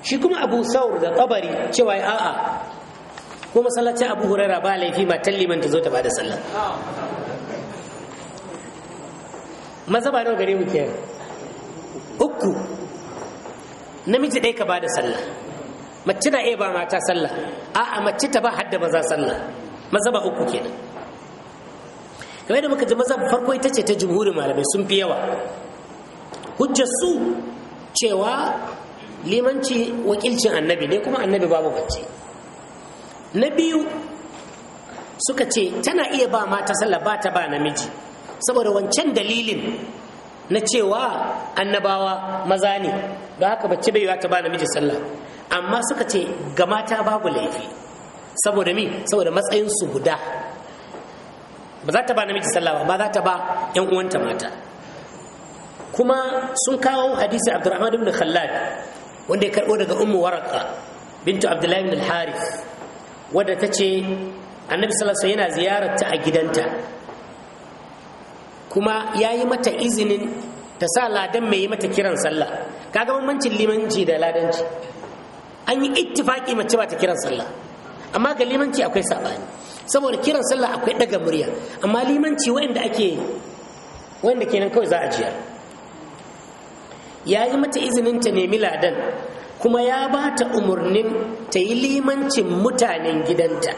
shi kuma abu saur da tsabari cewa ya a'a ko masallacin abu hurara ba laifi matan liman ta zo ta bada sallah maza ba nawa gare mu ke uku namiji ɗaya ka bada sallah mace na iya ba mata sallah a'a mace ta ba hadda maza sallah maza ba uku kenan kamar da muka ji maza farko ita ce ta jumhurin malamai sun fi yawa hujjar su cewa limanci wakilcin annabi ne kuma annabi babu bacci na biyu suka ce tana iya ba mata sallah ba ta ba namiji saboda wancan dalilin na cewa annabawa maza ne ba haka bacci bai ta ba namiji sallah amma suka ce ga mata babu laifi saboda mi saboda matsayin su guda ba za ta ba namiji sallah ba ba za ta ba yan uwanta mata kuma sun kawo hadisi abdurrahman ibn khallad wanda ya karɓo daga ummu waraka bintu abdullahi bin al-harith wadda ta ce annabi sallallahu yana ziyarar ta a gidanta kuma ya yi mata izinin ta sa ladan mai yi mata kiran sallah kaga bambancin limanci da ladanci an yi ittifaki mace ba ta kiran sallah amma ga limanci akwai sabani saboda kiran sallah akwai daga murya amma limanci wanda ake wanda kenan kawai za a jiya. ya yi mata izinin ta nemi ladan kuma ya ba ta umarnin ta yi limancin mutanen gidanta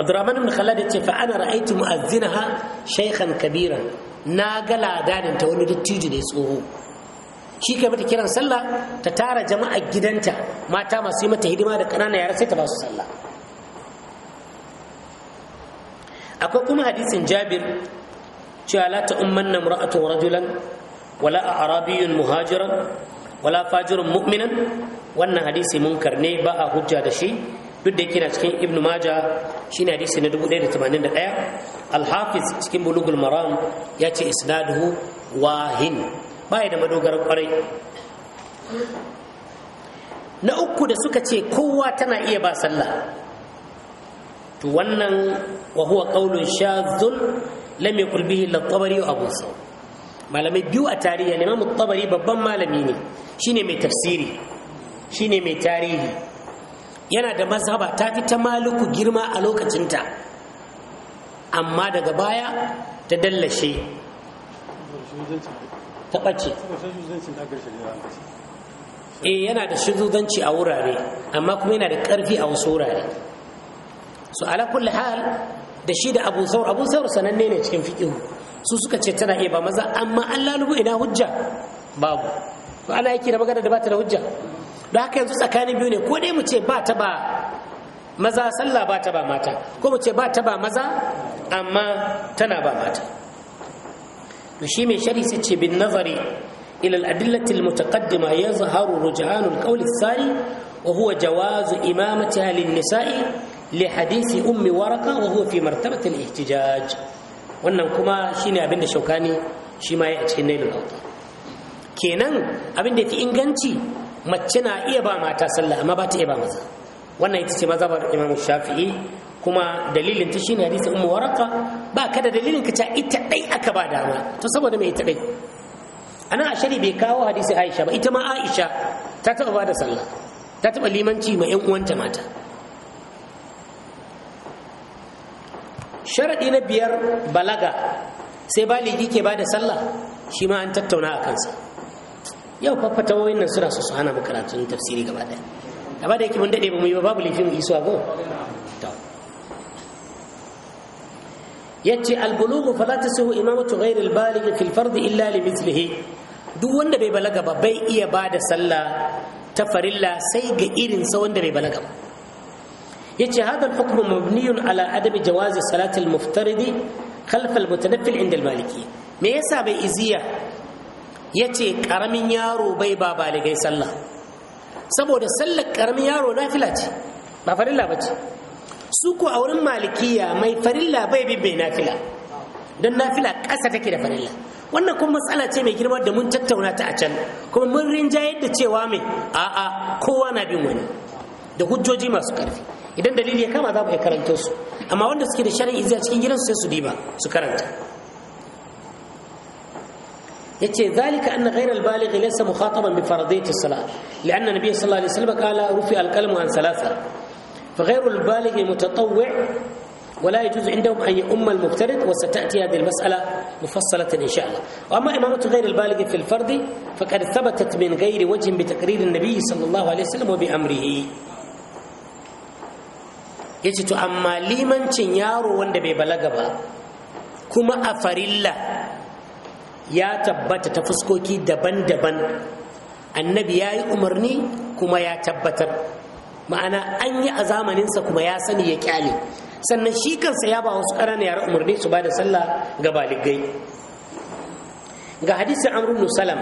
abdurrahman ibn khalad ya ce fa ana ra'aitu mu'azzinaha shaykhan kabiran na ga ladanin ta wani dattijo da tsoho shi kai mata kiran sallah ta tara jama'a gidanta mata masu yi mata hidima da kanana yara sai ta ba su sallah akwai kuma hadisin jabir cewa la ta umman mura'atu rajulan wala arabiyun muhajiran wala fajirun mu'minan wannan hadisi munkar ne ba a hujja da shi duk da yake na cikin ibn maja shine hadisi na 1081 al-hafiz cikin bulugul maram ya ce isnaduhu wahin baya da madogara kwarai na uku da suka ce kowa tana iya ba sallah to wannan wa huwa qaulun shadhun lam yaqul bihi al-tabari abu sa'd malamai biyu a tarihi ne mamu tabari babban malami ne shine mai tafsiri shine mai tarihi yana da mazhaba ta fi ta maluku girma a lokacinta amma daga baya ta dallashe ta ɓace e yana da shizuzanci a wurare amma kuma yana da ƙarfi a wasu wurare so ala kulli hal da shi da abu saur abu saur sananne ne cikin fiƙihu su suka ce tana iya ba maza amma an lalubu ina hujja babu to ana yake da magana da bata da hujja don haka yanzu tsakanin biyu ne ko dai mu ce ba ta ba maza sallah ba ta ba mata ko mu ce ba ta ba maza amma tana ba mata to shi mai shari sai ce bin nazari ila al-adillati al-mutaqaddima yazharu rujhan al-qawl ath-thani wa huwa jawaz imamatiha lin-nisa'i li hadisi ummi waraka wa huwa fi martabati al-ihtijaj wannan kuma shine abin da shaukani shi ma ya a cikin nailul auta kenan abin da fi inganci mace na iya ba mata sallah amma ba ta iya ba maza wannan ita ce maza imamu shafi'i kuma dalilin ta shine hadisa ummu waraka ba ka da dalilin ka ta ita dai aka ba dama to saboda me ita dai ana ashari bai kawo hadisin aisha ba ita ma aisha ta taba ba da sallah ta taba limanci ma yan uwanta mata sharaɗi na biyar balaga sai baligi ke ba da sallah shi ma an tattauna a kansa yau fafata wayoyin nan suna su hana mu karatun tafsiri gaba ɗaya gaba da yake mun daɗe ba mu yi ba babu laifin mu isuwa ko yace albulugu fala tasihu imamatu ghairi albaligh fil fard illa li mithlihi duk wanda bai balaga ba bai iya bada sallah ta farilla sai ga irin sa wanda bai balaga ba yace hada al-hukm mabniyun ala adami jawaz salat al-muftaridi khalf al-mutanaffil inda maliki me yasa bai iziya yace karamin yaro bai ba baligai sallah saboda sallar karamin yaro nafila ce ba farilla bace su ko a wurin malikiya mai farilla bai bi bai nafila don nafila ƙasa take da farilla wannan kuma matsala ce mai girma da mun tattaunata a can kuma mun rinjayar da cewa mai a'a kowa na bin wani da hujjoji masu ƙarfi idan dalili ya kama za mu iya karanto su amma wanda suke da sharin izi a cikin gidansu sai su diba su karanta yace zalika anna ghayra al-baligh laysa mukhataban bi fardiyati as-salah li'anna nabiy sallallahu alaihi wasallam qala rufi al-qalmu an salasa fa ghayru al-baligh mutatawwi' ولا يجوز عندهم أن يؤم المفترض وستأتي هذه المسألة مفصلة إن شاء الله وأما إمامة غير البالغ في الفرد فقد ثبتت من غير وجه بتقرير النبي صلى الله عليه وسلم وبأمره ya ce to amma limancin yaro wanda bai balaga ba kuma a farilla ya tabbata ta fuskoki daban-daban annabi ya yi umarni kuma ya tabbatar ma'ana an yi a zamaninsa kuma ya sani ya kyale sannan shi kansa ya ba wasu ƙananan yara umarni su ba da sallah ga baligai ga hadisi amru ibn salam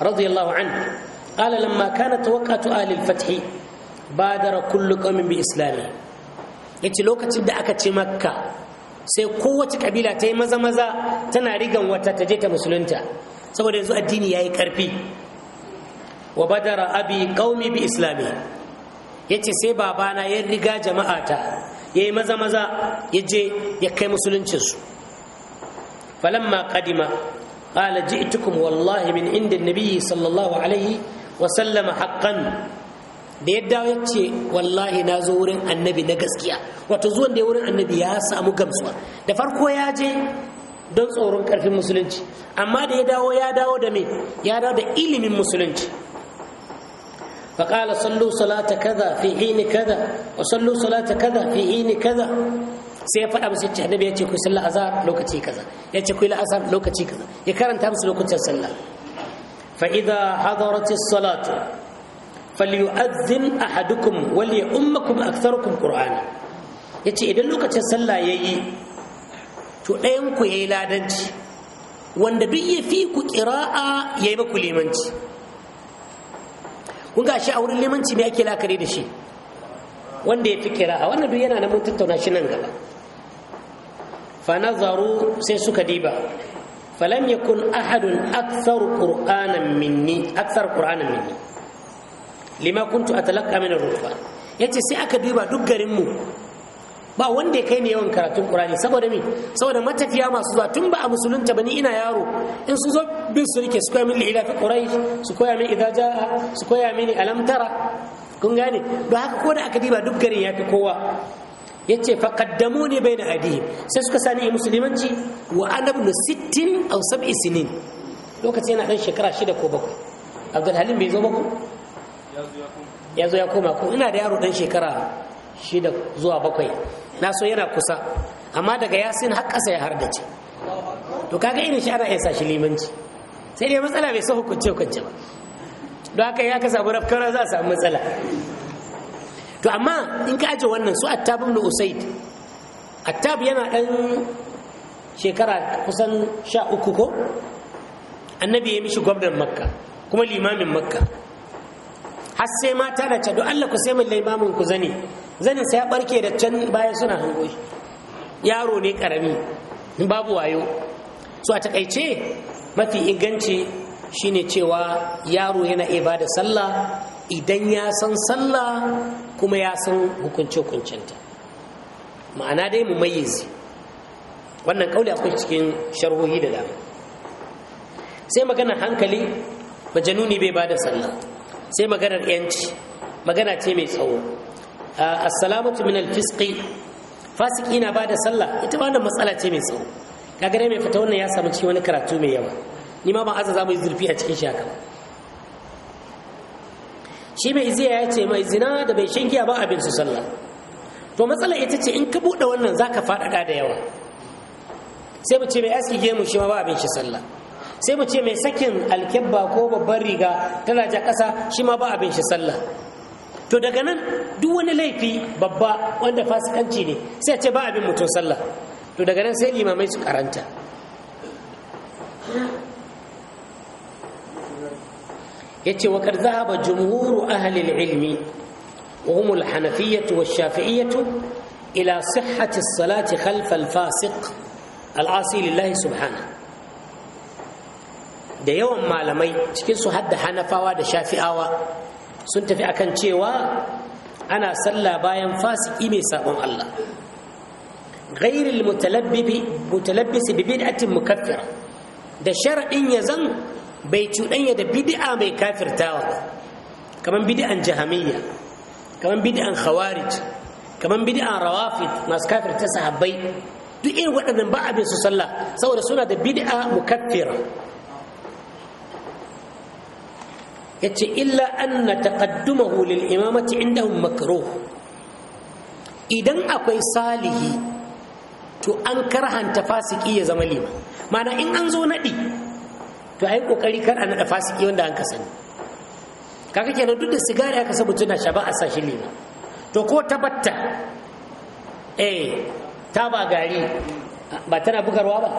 radiyallahu an qala lamma kana tawaqqatu ahli al-fath badara kullu qaumin bi islamihi ya ce lokacin da aka ce makka sai kowace kabila ta yi maza maza tana rigan wata ta je ta musulunta saboda yanzu addini ya yi ƙarfi wa badara abi ƙaumi bi islami ya ce sai babana ya riga jama'ata ya yi maza maza ya je ya kai musuluncinsu falamma kadima qala ji'tukum wallahi min inda nabi sallallahu alaihi wa sallama haqqan da ya dawo ya ce wallahi na zo wurin annabi na gaskiya wato zuwan da ya wurin annabi ya samu gamsuwa da farko ya je don tsoron karfin musulunci amma da ya dawo ya dawo da me ya dawo da ilimin musulunci فقال صلوا صلاة كذا في حين كذا وصلوا صلاة كذا في حين كذا sai ya faɗa musu annabi ya ce ku sallah azhar lokaci kaza ya ce ku yi la'asar lokaci kaza ya karanta musu lokacin sallah fa idza hadarat as-salatu falyu'azzin ahadukum wal ya'ummakum aktharukum qur'ana yace idan lokacin sallah yayi to ɗayan ku yayi ladanci wanda duk ya fi ku qira'a yayi maku limanci kun ga shi a wurin limanci me ake lakari da shi wanda ya fi qira'a wannan duk yana nan mun tattauna shi nan gaba fa nazaru sai suka diba falam yakun ahadun aktharu qur'anan minni aktharu qur'anan minni lima kuntu a min ar-ruhban yace sai aka duba duk garinmu ba wanda ya kai ne yawan karatun ƙur'ani saboda saboda matafiya masu zuwa tun ba a musulunta ni ina yaro in su zo bin su rike su koya min ila fi quraish su koya min idza su koya min alamtara kun gane haka ko da aka diba duk garin ya fi kowa yace fa bai da adihim sai suka sani musulmanci wa ana ibn 60 aw 70 sinin lokacin yana dan shekara shida ko bakwai Abdul bai zo ba ya zo ya koma ko ina da yaro dan shekara shida zuwa bakwai na so yana kusa amma daga yasin har ƙasa ya ce to kaga irin shi ana iya sa shi limanci sai dai matsala bai san hukunce hukunce ba don haka ya ka samu rafkar za a samu matsala to amma in ka aje wannan su attab ibn usaid attab yana dan shekara kusan sha uku ko annabi ya mishi gwamnan makka kuma limamin makka har sai mata da cado Allah ku sai mun limamin ku zane zanin sai ya barke da can bayan suna hango yaro ne karami babu wayo so a takaice mafi inganci shine cewa yaro yana iya sallah idan ya san sallah kuma ya san hukunce hukuncinta ma'ana dai mu mayyizi wannan kauli akwai cikin sharhohi da dama sai magana hankali majanuni bai ba da sallah sai maganar yanci magana ce mai tsawo assalamatu min alfisqi fasiki na bada sallah ita wannan matsala ce mai tsawo kaga dai mai fata wannan ya samu cikin wani karatu mai yawa ni ma ban aza za mu yi zurfi a cikin shi haka. shi mai ziya ya ce mai zina da bai shan giya ba abin su sallah to matsala ita ce in ka buɗe wannan zaka faɗaɗa da yawa sai mu ce mai aski gemu shi ma ba abin shi sallah sai mu ce mai sakin alkebba ko babban riga tana ja ƙasa shi ma ba abin shi sallah to daga nan duk wani laifi babba wanda fasikanci ne sai a ce ba abin mutum sallah to daga nan sai limamai su karanta ya ce wa kar zahaba jumhuru ahalil ilmi wa humul hanafiyyatu wa shafi'iyyatu ila sihhati salati khalfal fasiq al'asi lillahi subhana. da yawan malamai cikinsu hadda hanafawa da shafi'awa sun tafi akan cewa ana sallah bayan fasiki mai sabon Allah ghairil mutalabbisi bi bid'atin mukaffira da sharadin ya zan bai cuɗanya da bid'a mai kafirtawa ba kamar bid'an jahamiyya kamar bid'an khawarij kamar bid'an rawafid masu kafirta sahabbai duk irin waɗannan ba abin su sallah saboda suna da bid'a mukaffira Ya ce illa anna taqaddumahu lil imamati indahum makruh idan akwai salihi to an karhanta fasiki ya zama lima mana in an zo naɗi to ai kokari kar a naɗa fasiki wanda an ka sani kaga kenan duk da sigari aka sabu tuna shaba a sashi lima to ko tabatta eh ta ba gari ba tana bugarwa ba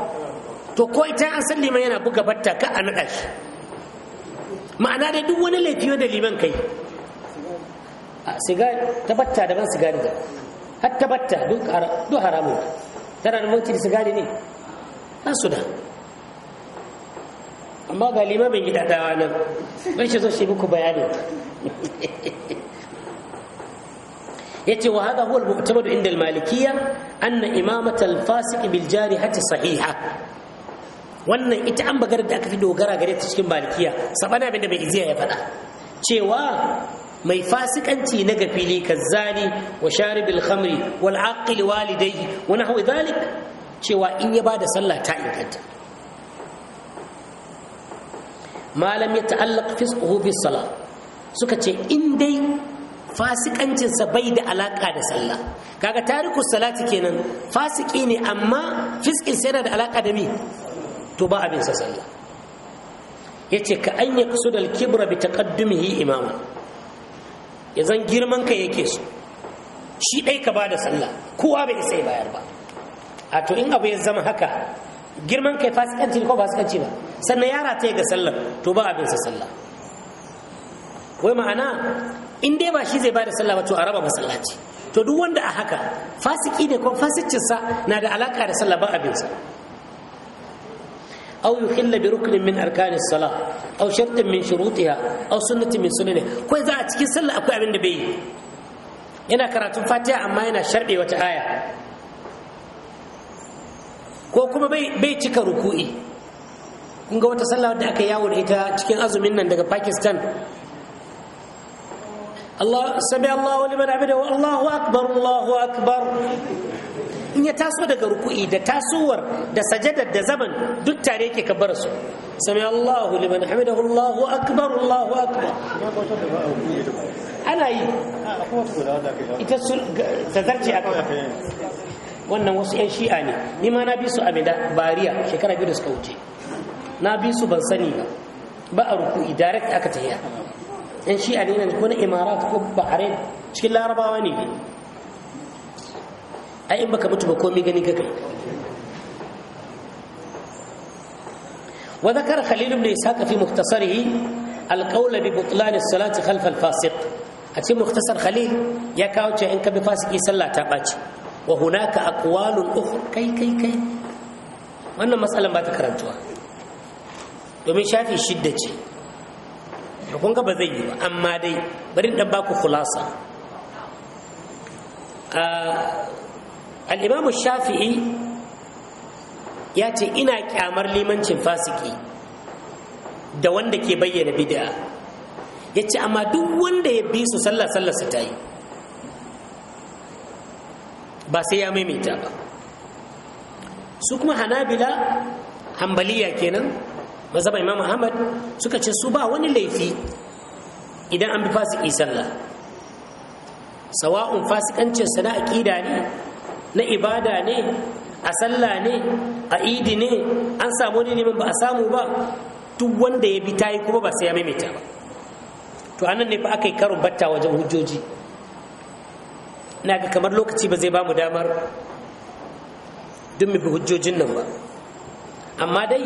to ko ita an san liman yana buga batta ka a naɗa shi ma'ana da duk wani laifi wanda liman kai sigar tabatta daban sigari har tabatta duk haramun tana da manci da sigari ne ba su da amma ga liman limamin gida dawa nan bai shi zo shi muku bayani yace wa hada huwa al-mu'tamadu inda al-malikiyya anna imamata al-fasiq bil sahiha wannan ita an bagar da aka fi dogara gare ta cikin malikiya sabana abin da bai iziya ya faɗa cewa mai fasikanci na gafili kazzani wa sharibil khamri wal aqil walidayhi wa nahwi dhalik cewa in ya bada sallah ta inganta malam ya ta'allaq fisquhu bis salah suka ce in dai fasikancinsa bai da alaka da sallah kaga tariku salati kenan fasiki ne amma fiskin sai yana da alaka da me to ba abin sa sallah yace ka an ya kusu dal kibra bi taqaddumihi imama ya zan girman ka yake so shi dai ka bada sallah kowa bai sai bayar ba a to in abu ya zama haka girman kai fasikanci ko fasikanci ba sannan yara ta ga sallah to ba abin sa sallah wai ma'ana in dai ba shi zai bada sallah ba to a raba masallaci to duk wanda a haka fasiki ne ko fasikcinsa na da alaka da sallah ba abin sa أو يحل بركن من أركان الصلاة أو شرط من شروطها أو سنة من سننه كوي ذا أتكي صلى أكو أبن دبي ina karatun fatiha amma yana sharɗe wata aya ko kuma bai cika ruku'i kun wata sallah da aka yawo da ita cikin azumin nan daga pakistan Allah sami Allahu liman abidahu Allahu Allahu akbar in ya taso daga ruku'i da tasowar da sajadar da zaman duk tare yake kabbara su sami Allahu liman hamidahu Allahu akbar Allahu akbar ana yi ita tazarci a wannan wasu yan shi'a ne ni ma na bi su bariya shekara biyu da suka wuce na bi su ban sani ba ba a ruku'i direct aka yan shi'a ne ko na imarat ko bahrain cikin larabawa ne ai in baka mutu ba komai gani ka kai wa dhakara khalil ibn ishaq fi mukhtasarihi al-qawl bi butlan as-salati khalf al-fasiq a cikin mukhtasar khalil ya kawo cewa in ka bi fasiki sallah ta baci wa hunaka aqwalun ukhra kai kai kai wannan matsalan ba ta karantuwa domin shafi shidda ce kun ga ba zai yi ba amma dai bari dan baku khulasa ah, al'imamu shafi'i ya ce ina kyamar limancin fasiki da wanda ke bayyana bid'a ya ce amma duk wanda ya bi su sallah sallah su ta yi ba sai ya maimaita ba su kuma hanabila hambaliya kenan mazhaban imam ahmad suka ce su ba wani laifi idan an bi fasiki sallah sawa'un fasikancinsa na aƙida ne na ibada ne a sallah ne a idi ne an samu ne neman ba a samu ba duk wanda ya bi ta yi kuma ba sai ya maimaita ba to anan ne fa aka yi karin batta wajen hujjoji na ga kamar lokaci ba zai ba mu damar duk bi hujjojin nan ba amma dai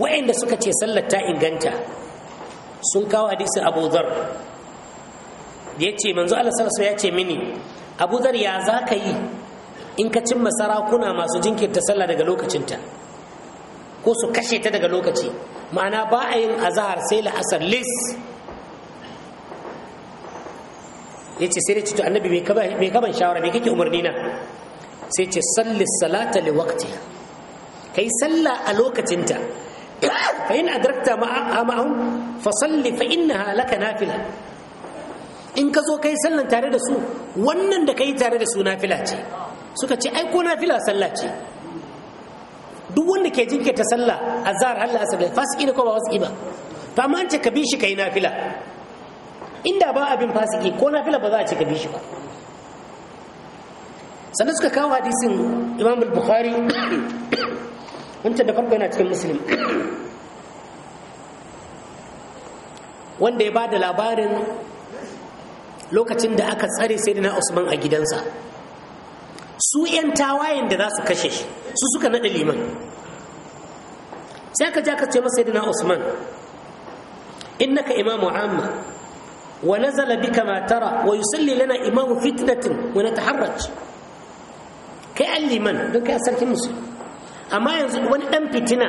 waɗanda suka ce sallar ta inganta sun kawo hadisi abu zar da ya ce manzo Allah ya ce mini abu zar ya za ka yi in ka cimma sarakuna masu jinkirta sallah daga lokacinta ko su kashe ta daga lokaci ma'ana ba a yin azahar sai la'asar lis ya ce sai da cito annabi mai kaban shawara mai kake umarni na sai ce salli salata li ka yi sallah a lokacinta fa in adrakta ma'ahum fa salli fa innaha laka nafila in ka zo ka yi sallan tare da su wannan da ka yi tare da su nafila ce suka ce ai ko nafila sallah ce duk wanda ke jinkirta sallah a har asar da fasiki ne ko ba fasiki ba to amma an ce ka bi shi kai nafila inda ba abin fasiki ko nafila ba za a ce ka bi shi ba sannan suka kawo hadisin imam bukhari wancan da farko yana cikin musulun wanda ya ba da labarin lokacin da aka tsare sai na usman a gidansa su 'yan tawayen da za su kashe shi su suka naɗa liman sai ka ja ka ce masa na usman innaka imamu amma wa nazala bika ma tara wa yusalli lana imamu fitnatin wa nataharraj kai an liman don kai sarkin musulmi amma yanzu wani dan fitina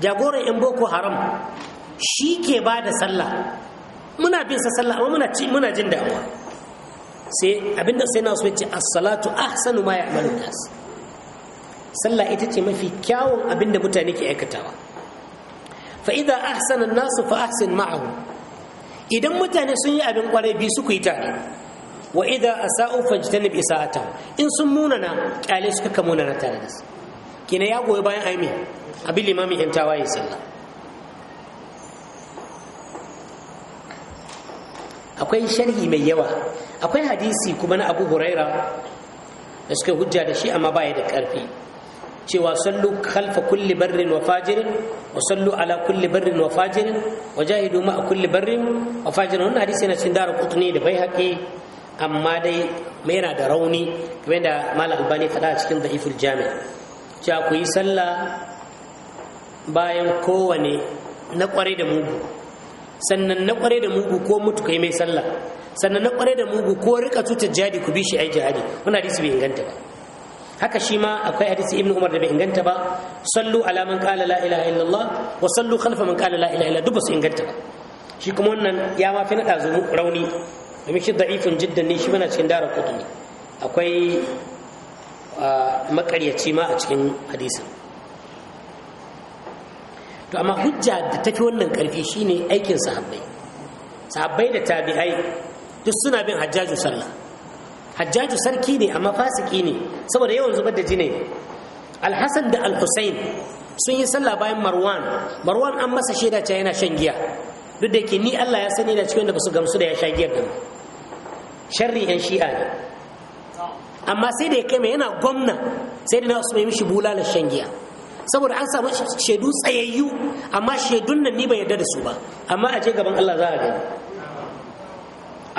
jagoran yan boko haram shi ke ba da sallah muna bin sa sallah amma muna jin damuwa sai abinda sai na so a salatu ahsanu ma ya'malu nas sallah ita ce mafi kyawun abinda mutane ke aikatawa fa idza ahsana an-nas fa ahsin ma'ahu idan mutane sun yi abin kwarai bi su ku yi tare wa idza asa'u fajtanib isa'atahu in sun munana kyale suka ka na tare da su kina ya goyi bayan aimi abin limamin yan tawaye sallah akwai sharhi mai yawa akwai hadisi kuma na abu huraira da suka hujja da shi amma baya da karfi cewa sallu khalfa kulli barrin wa fajirin wa sallu ala kulli barrin wa fajirin wa jahidu ma a kulli barrin wa fajirin wannan hadisi yana cikin kutu ne da bai haƙe amma dai mai yana da rauni kamar da malam albani faɗa a cikin da'iful jami'a cewa ku yi sallah bayan kowane na kwarai da mugu sannan na kware da mugu ko mutu kai mai sallah sannan na kware da mugu ko rika tuta jihadi ku bi shi ai jihadi wannan hadisi bai inganta ba haka shi ma akwai hadisi ibnu umar da bai inganta ba sallu ala man qala la ilaha illallah wa sallu khalfa man qala la ilaha illallah duk ba su inganta ba shi kuma wannan ya ma fi nada zuwa rauni domin shi da'ifun jiddan ne shi mana cikin dara kudi akwai ah, makaryaci ma a cikin hadisin to amma hujja da tafi wannan karfi shine aikin sahabbai sahabbai da tabi'ai duk suna bin hajjaju sallah hajjaju sarki ne amma fasiki ne saboda yawan zubar da jini alhassan da alhusain sun yi sallah bayan marwan marwan an masa shaida cewa yana shan giya duk da ke ni allah ya sani da cikin da basu gamsu da ya sha giya da sharri yan shi'a ne amma sai da ya kai mai yana gwamna sai da na mai mishi bulalar shan giya saboda an samu shaidu tsayayyu amma shaidun nan ni bai yarda da su ba amma a je gaban Allah za a gani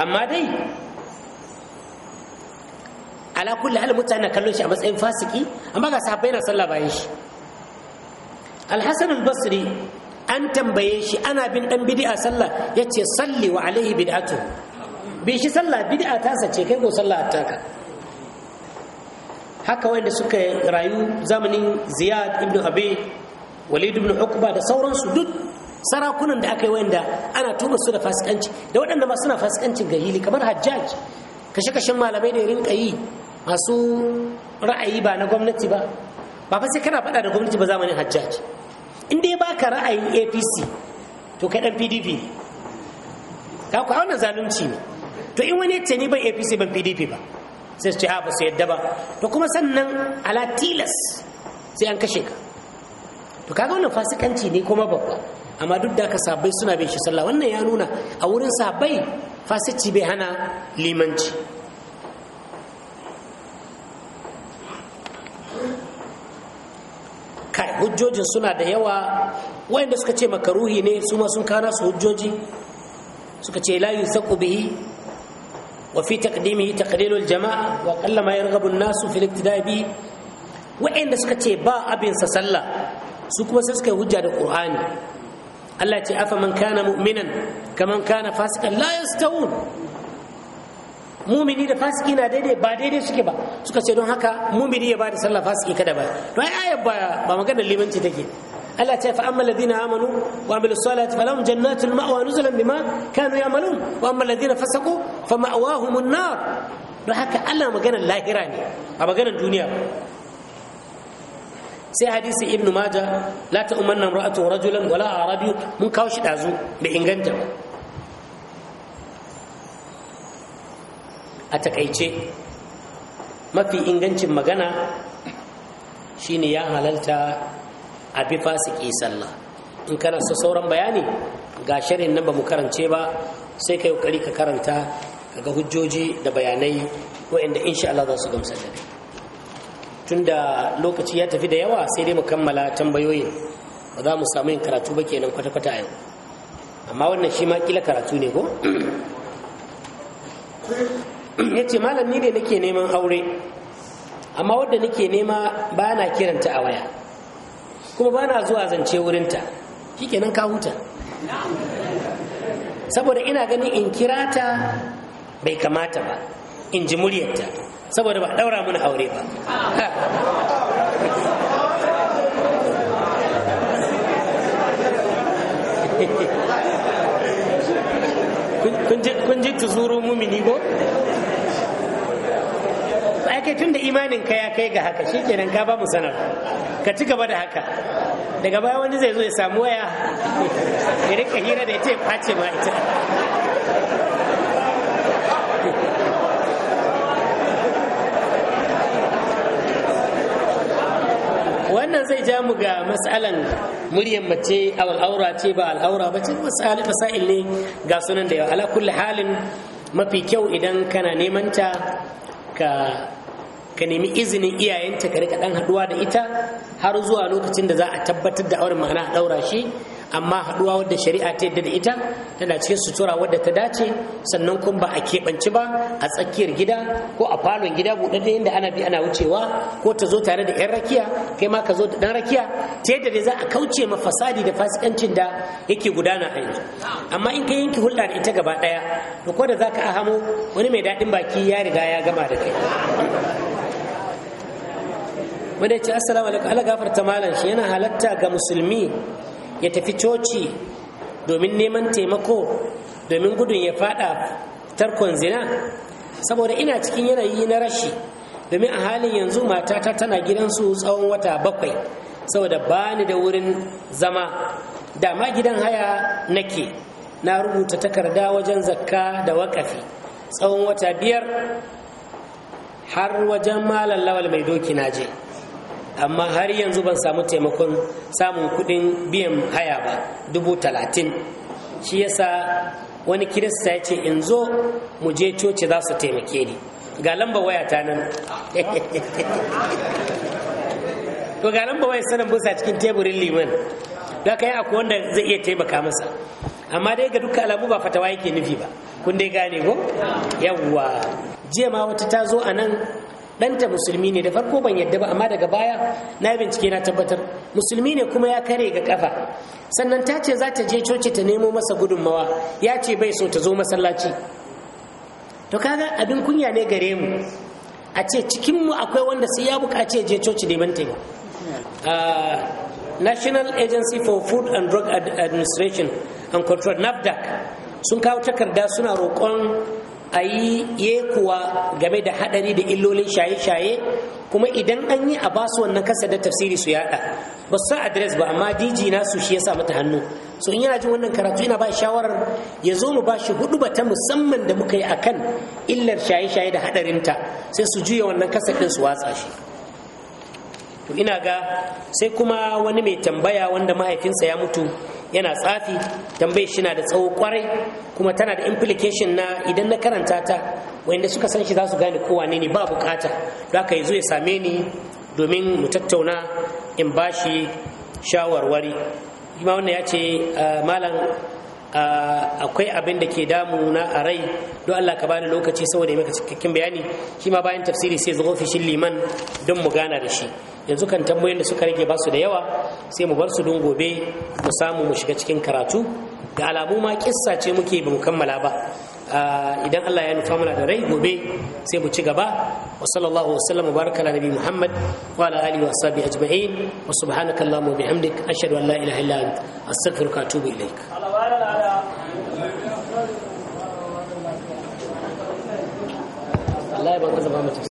amma dai ala kulli hal mutane kallon shi a matsayin fasiki amma ga sahabbai na sallah bayan shi al-hasan al-basri an tambaye shi ana bin dan bid'a sallah yace salli wa alaihi bid'atu bi shi sallah bid'a ta sace kai ko sallah taka haka wanda suka rayu zamanin ziyad ibn abi walid ibn ukba da sauransu duk sarakunan da aka yi wanda ana tuma su da fasikanci da waɗanda ma suna fasikancin gahili kamar hajjaj kashe-kashen malamai da rinka yi masu ra'ayi ba na gwamnati ba ba fa sai kana faɗa da gwamnati ba zamanin hajjaj in dai baka ra'ayin apc to kai ɗan pdp ne ka ku auna zalunci ne to in wani ya ce ni ban apc ban pdp ba sai ce ha ba su yadda ba to kuma sannan ala tilas sai an kashe ka to kaga wannan fasikanci ne kuma babba amma duk da ka sabai suna bin shi sallah wannan ya nuna a wurin sabai fasici bai hana limanci kai hujjojin suna da yawa wayanda suka ce makaruhi ne su ma sun kana su hujjoji suka ce layu yusaqu bihi وفي تقديمه تقليل الجماعة وقل ما يرغب الناس في الاقتداء به وإن سكتي با أبن سسلا سكوا سكتي وجه القرآن الله تي أفمن كان مؤمنا كمن كان فاسقا لا يستوون mumini da fasiki na daidai ba daidai suke ba suka ce don haka mumini ya ba da sallah fasiki kada ba to ai ayar ba ba maganar limanci take Allah ce fa amma alladhina amanu wa amilu salati falahum jannatul ma'wa nuzulan bima kanu ya'malun wa amma alladhina fasaqu fa ma'wahumun nar don haka Allah maganar lahira ne a maganar duniya sai hadisi ibn majah la ta'umanna imra'atu rajulan wala arabi mun kawo shi ɗazu mai inganta a takaice mafi ingancin magana shine ya halalta a bi fasiki sallah in kana so sauran bayani ga sharhin nan ba mu karance ba sai ka kokari ka karanta ga hujjoji da bayanai waɗanda insha Allah za su gamsar da kai tunda lokaci ya tafi da yawa sai dai mu kammala tambayoyin ba za mu samu yin karatu ba kenan kwata-kwata yau amma wannan shi ma kila karatu ne ko yace ce malam ni ne nake neman aure amma wadda nake nema ba na kiranta a waya kuma ba na zuwa zance wurinta kenan ka huta saboda ina ganin in kira ta bai kamata ba in ji muryarta saboda ba daura mana aure ba kun ji tuzuru mumini ko ba ake tun da imanin kaya ya kai ga haka shi kenan ka ba mu sanar ka ci gaba da haka daga baya wani zai zo ya samu waya ya rika hira da ya ce kwace ma ita wannan zai ja mu ga matsalan muryan mace al'aura ce ba al'aura ba ce misali fasa'il ne ga sunan da yawa ala kulle halin mafi kyau idan kana neman ta ka ka nemi izinin iyayenta ka rika dan haduwa da ita har zuwa lokacin da za a tabbatar da auren ma'ana a daura shi amma haduwa wadda shari'a ta yadda da ita tana cikin sutura wadda ta dace sannan kun ba a keɓanci ba a tsakiyar gida ko a falon gida buɗaɗɗe inda ana bi ana wucewa ko ta zo tare da 'yan rakiya kai ma ka zo da ɗan rakiya ta yadda dai za a kauce ma fasadi da fasikancin da yake gudana a yanzu amma in ka yanke hulɗa da ita gaba ɗaya to ko da za ka hamo wani mai daɗin baki ya riga ya gama da kai wanda ya ce assalamu alaikum ala gafarta malam shi yana halatta ga musulmi ya tafi coci domin neman taimako domin gudun ya fada tarkon zina saboda ina cikin yanayi na rashi domin a halin yanzu matata tana gidansu tsawon wata bakwai saboda ba ni da wurin zama dama gidan haya nake na rubuta takarda wajen zakka da wakafi tsawon wata biyar har wajen malam lawal mai doki na je amma har yanzu ban samu taimakon samun kudin biyan haya ba dubu talatin shi yasa wani kirista ya ce in zo mu je coci za su taimake ni ga lamba waya ta nan to ga lamba waya sanan busa cikin teburin liman da ka yi akwai wanda zai iya taimaka masa amma dai ga duka alamu ba fatawa yake nufi ba kun dai gane ko yawwa jiya ma wata ta zo a nan ɗanta musulmi ne da farko ban yadda ba amma daga baya na bincike na tabbatar musulmi ne kuma ya kare ga kafa sannan ta ce za ta je coci ta nemo masa gudunmawa ya ce bai so ta zo masallaci to kaga abin kunya ne gare mu a ce cikin akwai wanda sai ya buƙaci je coci neman taimako National Agency for Food and Drug Administration and Control NAFDAC sun kawo takarda suna roƙon a yi yekuwa game da haɗari da illolin shaye-shaye kuma idan an yi a basu wannan kasa da tafsiri su yaɗa ba su sa adres ba amma diji su shi ya sa mata hannu so in yana jin wannan karatu ina ba shawarar ya zo mu ba shi hudu ta musamman da muka yi akan illar shaye-shaye da haɗarinta sai su juya wannan kasa ɗin su watsa shi to ina ga sai kuma wani mai tambaya wanda mahaifinsa ya mutu yana tsafi tambayar shi na da tsawo kwarai kuma tana da implication na idan na karanta ta wanda suka san shi za su gane kowa ne ba bukata ka haka zo ya same ni domin mu tattauna in ba shi shawarwari kuma wannan ya ce ah, malam ah, akwai abin da ke damu na a rai don Allah ka bani lokaci saboda maka cikakken bayani shi ma bayan tafsiri sai zo ofishin liman don mu gana da shi yanzu kan tambayoyin da suka rage basu da yawa sai mu bar su don gobe mu samu mu shiga cikin karatu da alamu ma kissa ce muke ba mu kammala ba idan Allah ya nufa mana da rai gobe sai mu ci gaba wa sallallahu wasallam wa baraka ala Muhammad wa ala alihi wa sahbihi ajma'in wa subhanaka allahumma wa bihamdik ashhadu an la ilaha illa anta astaghfiruka wa atubu ilaik Allah ya zama mutum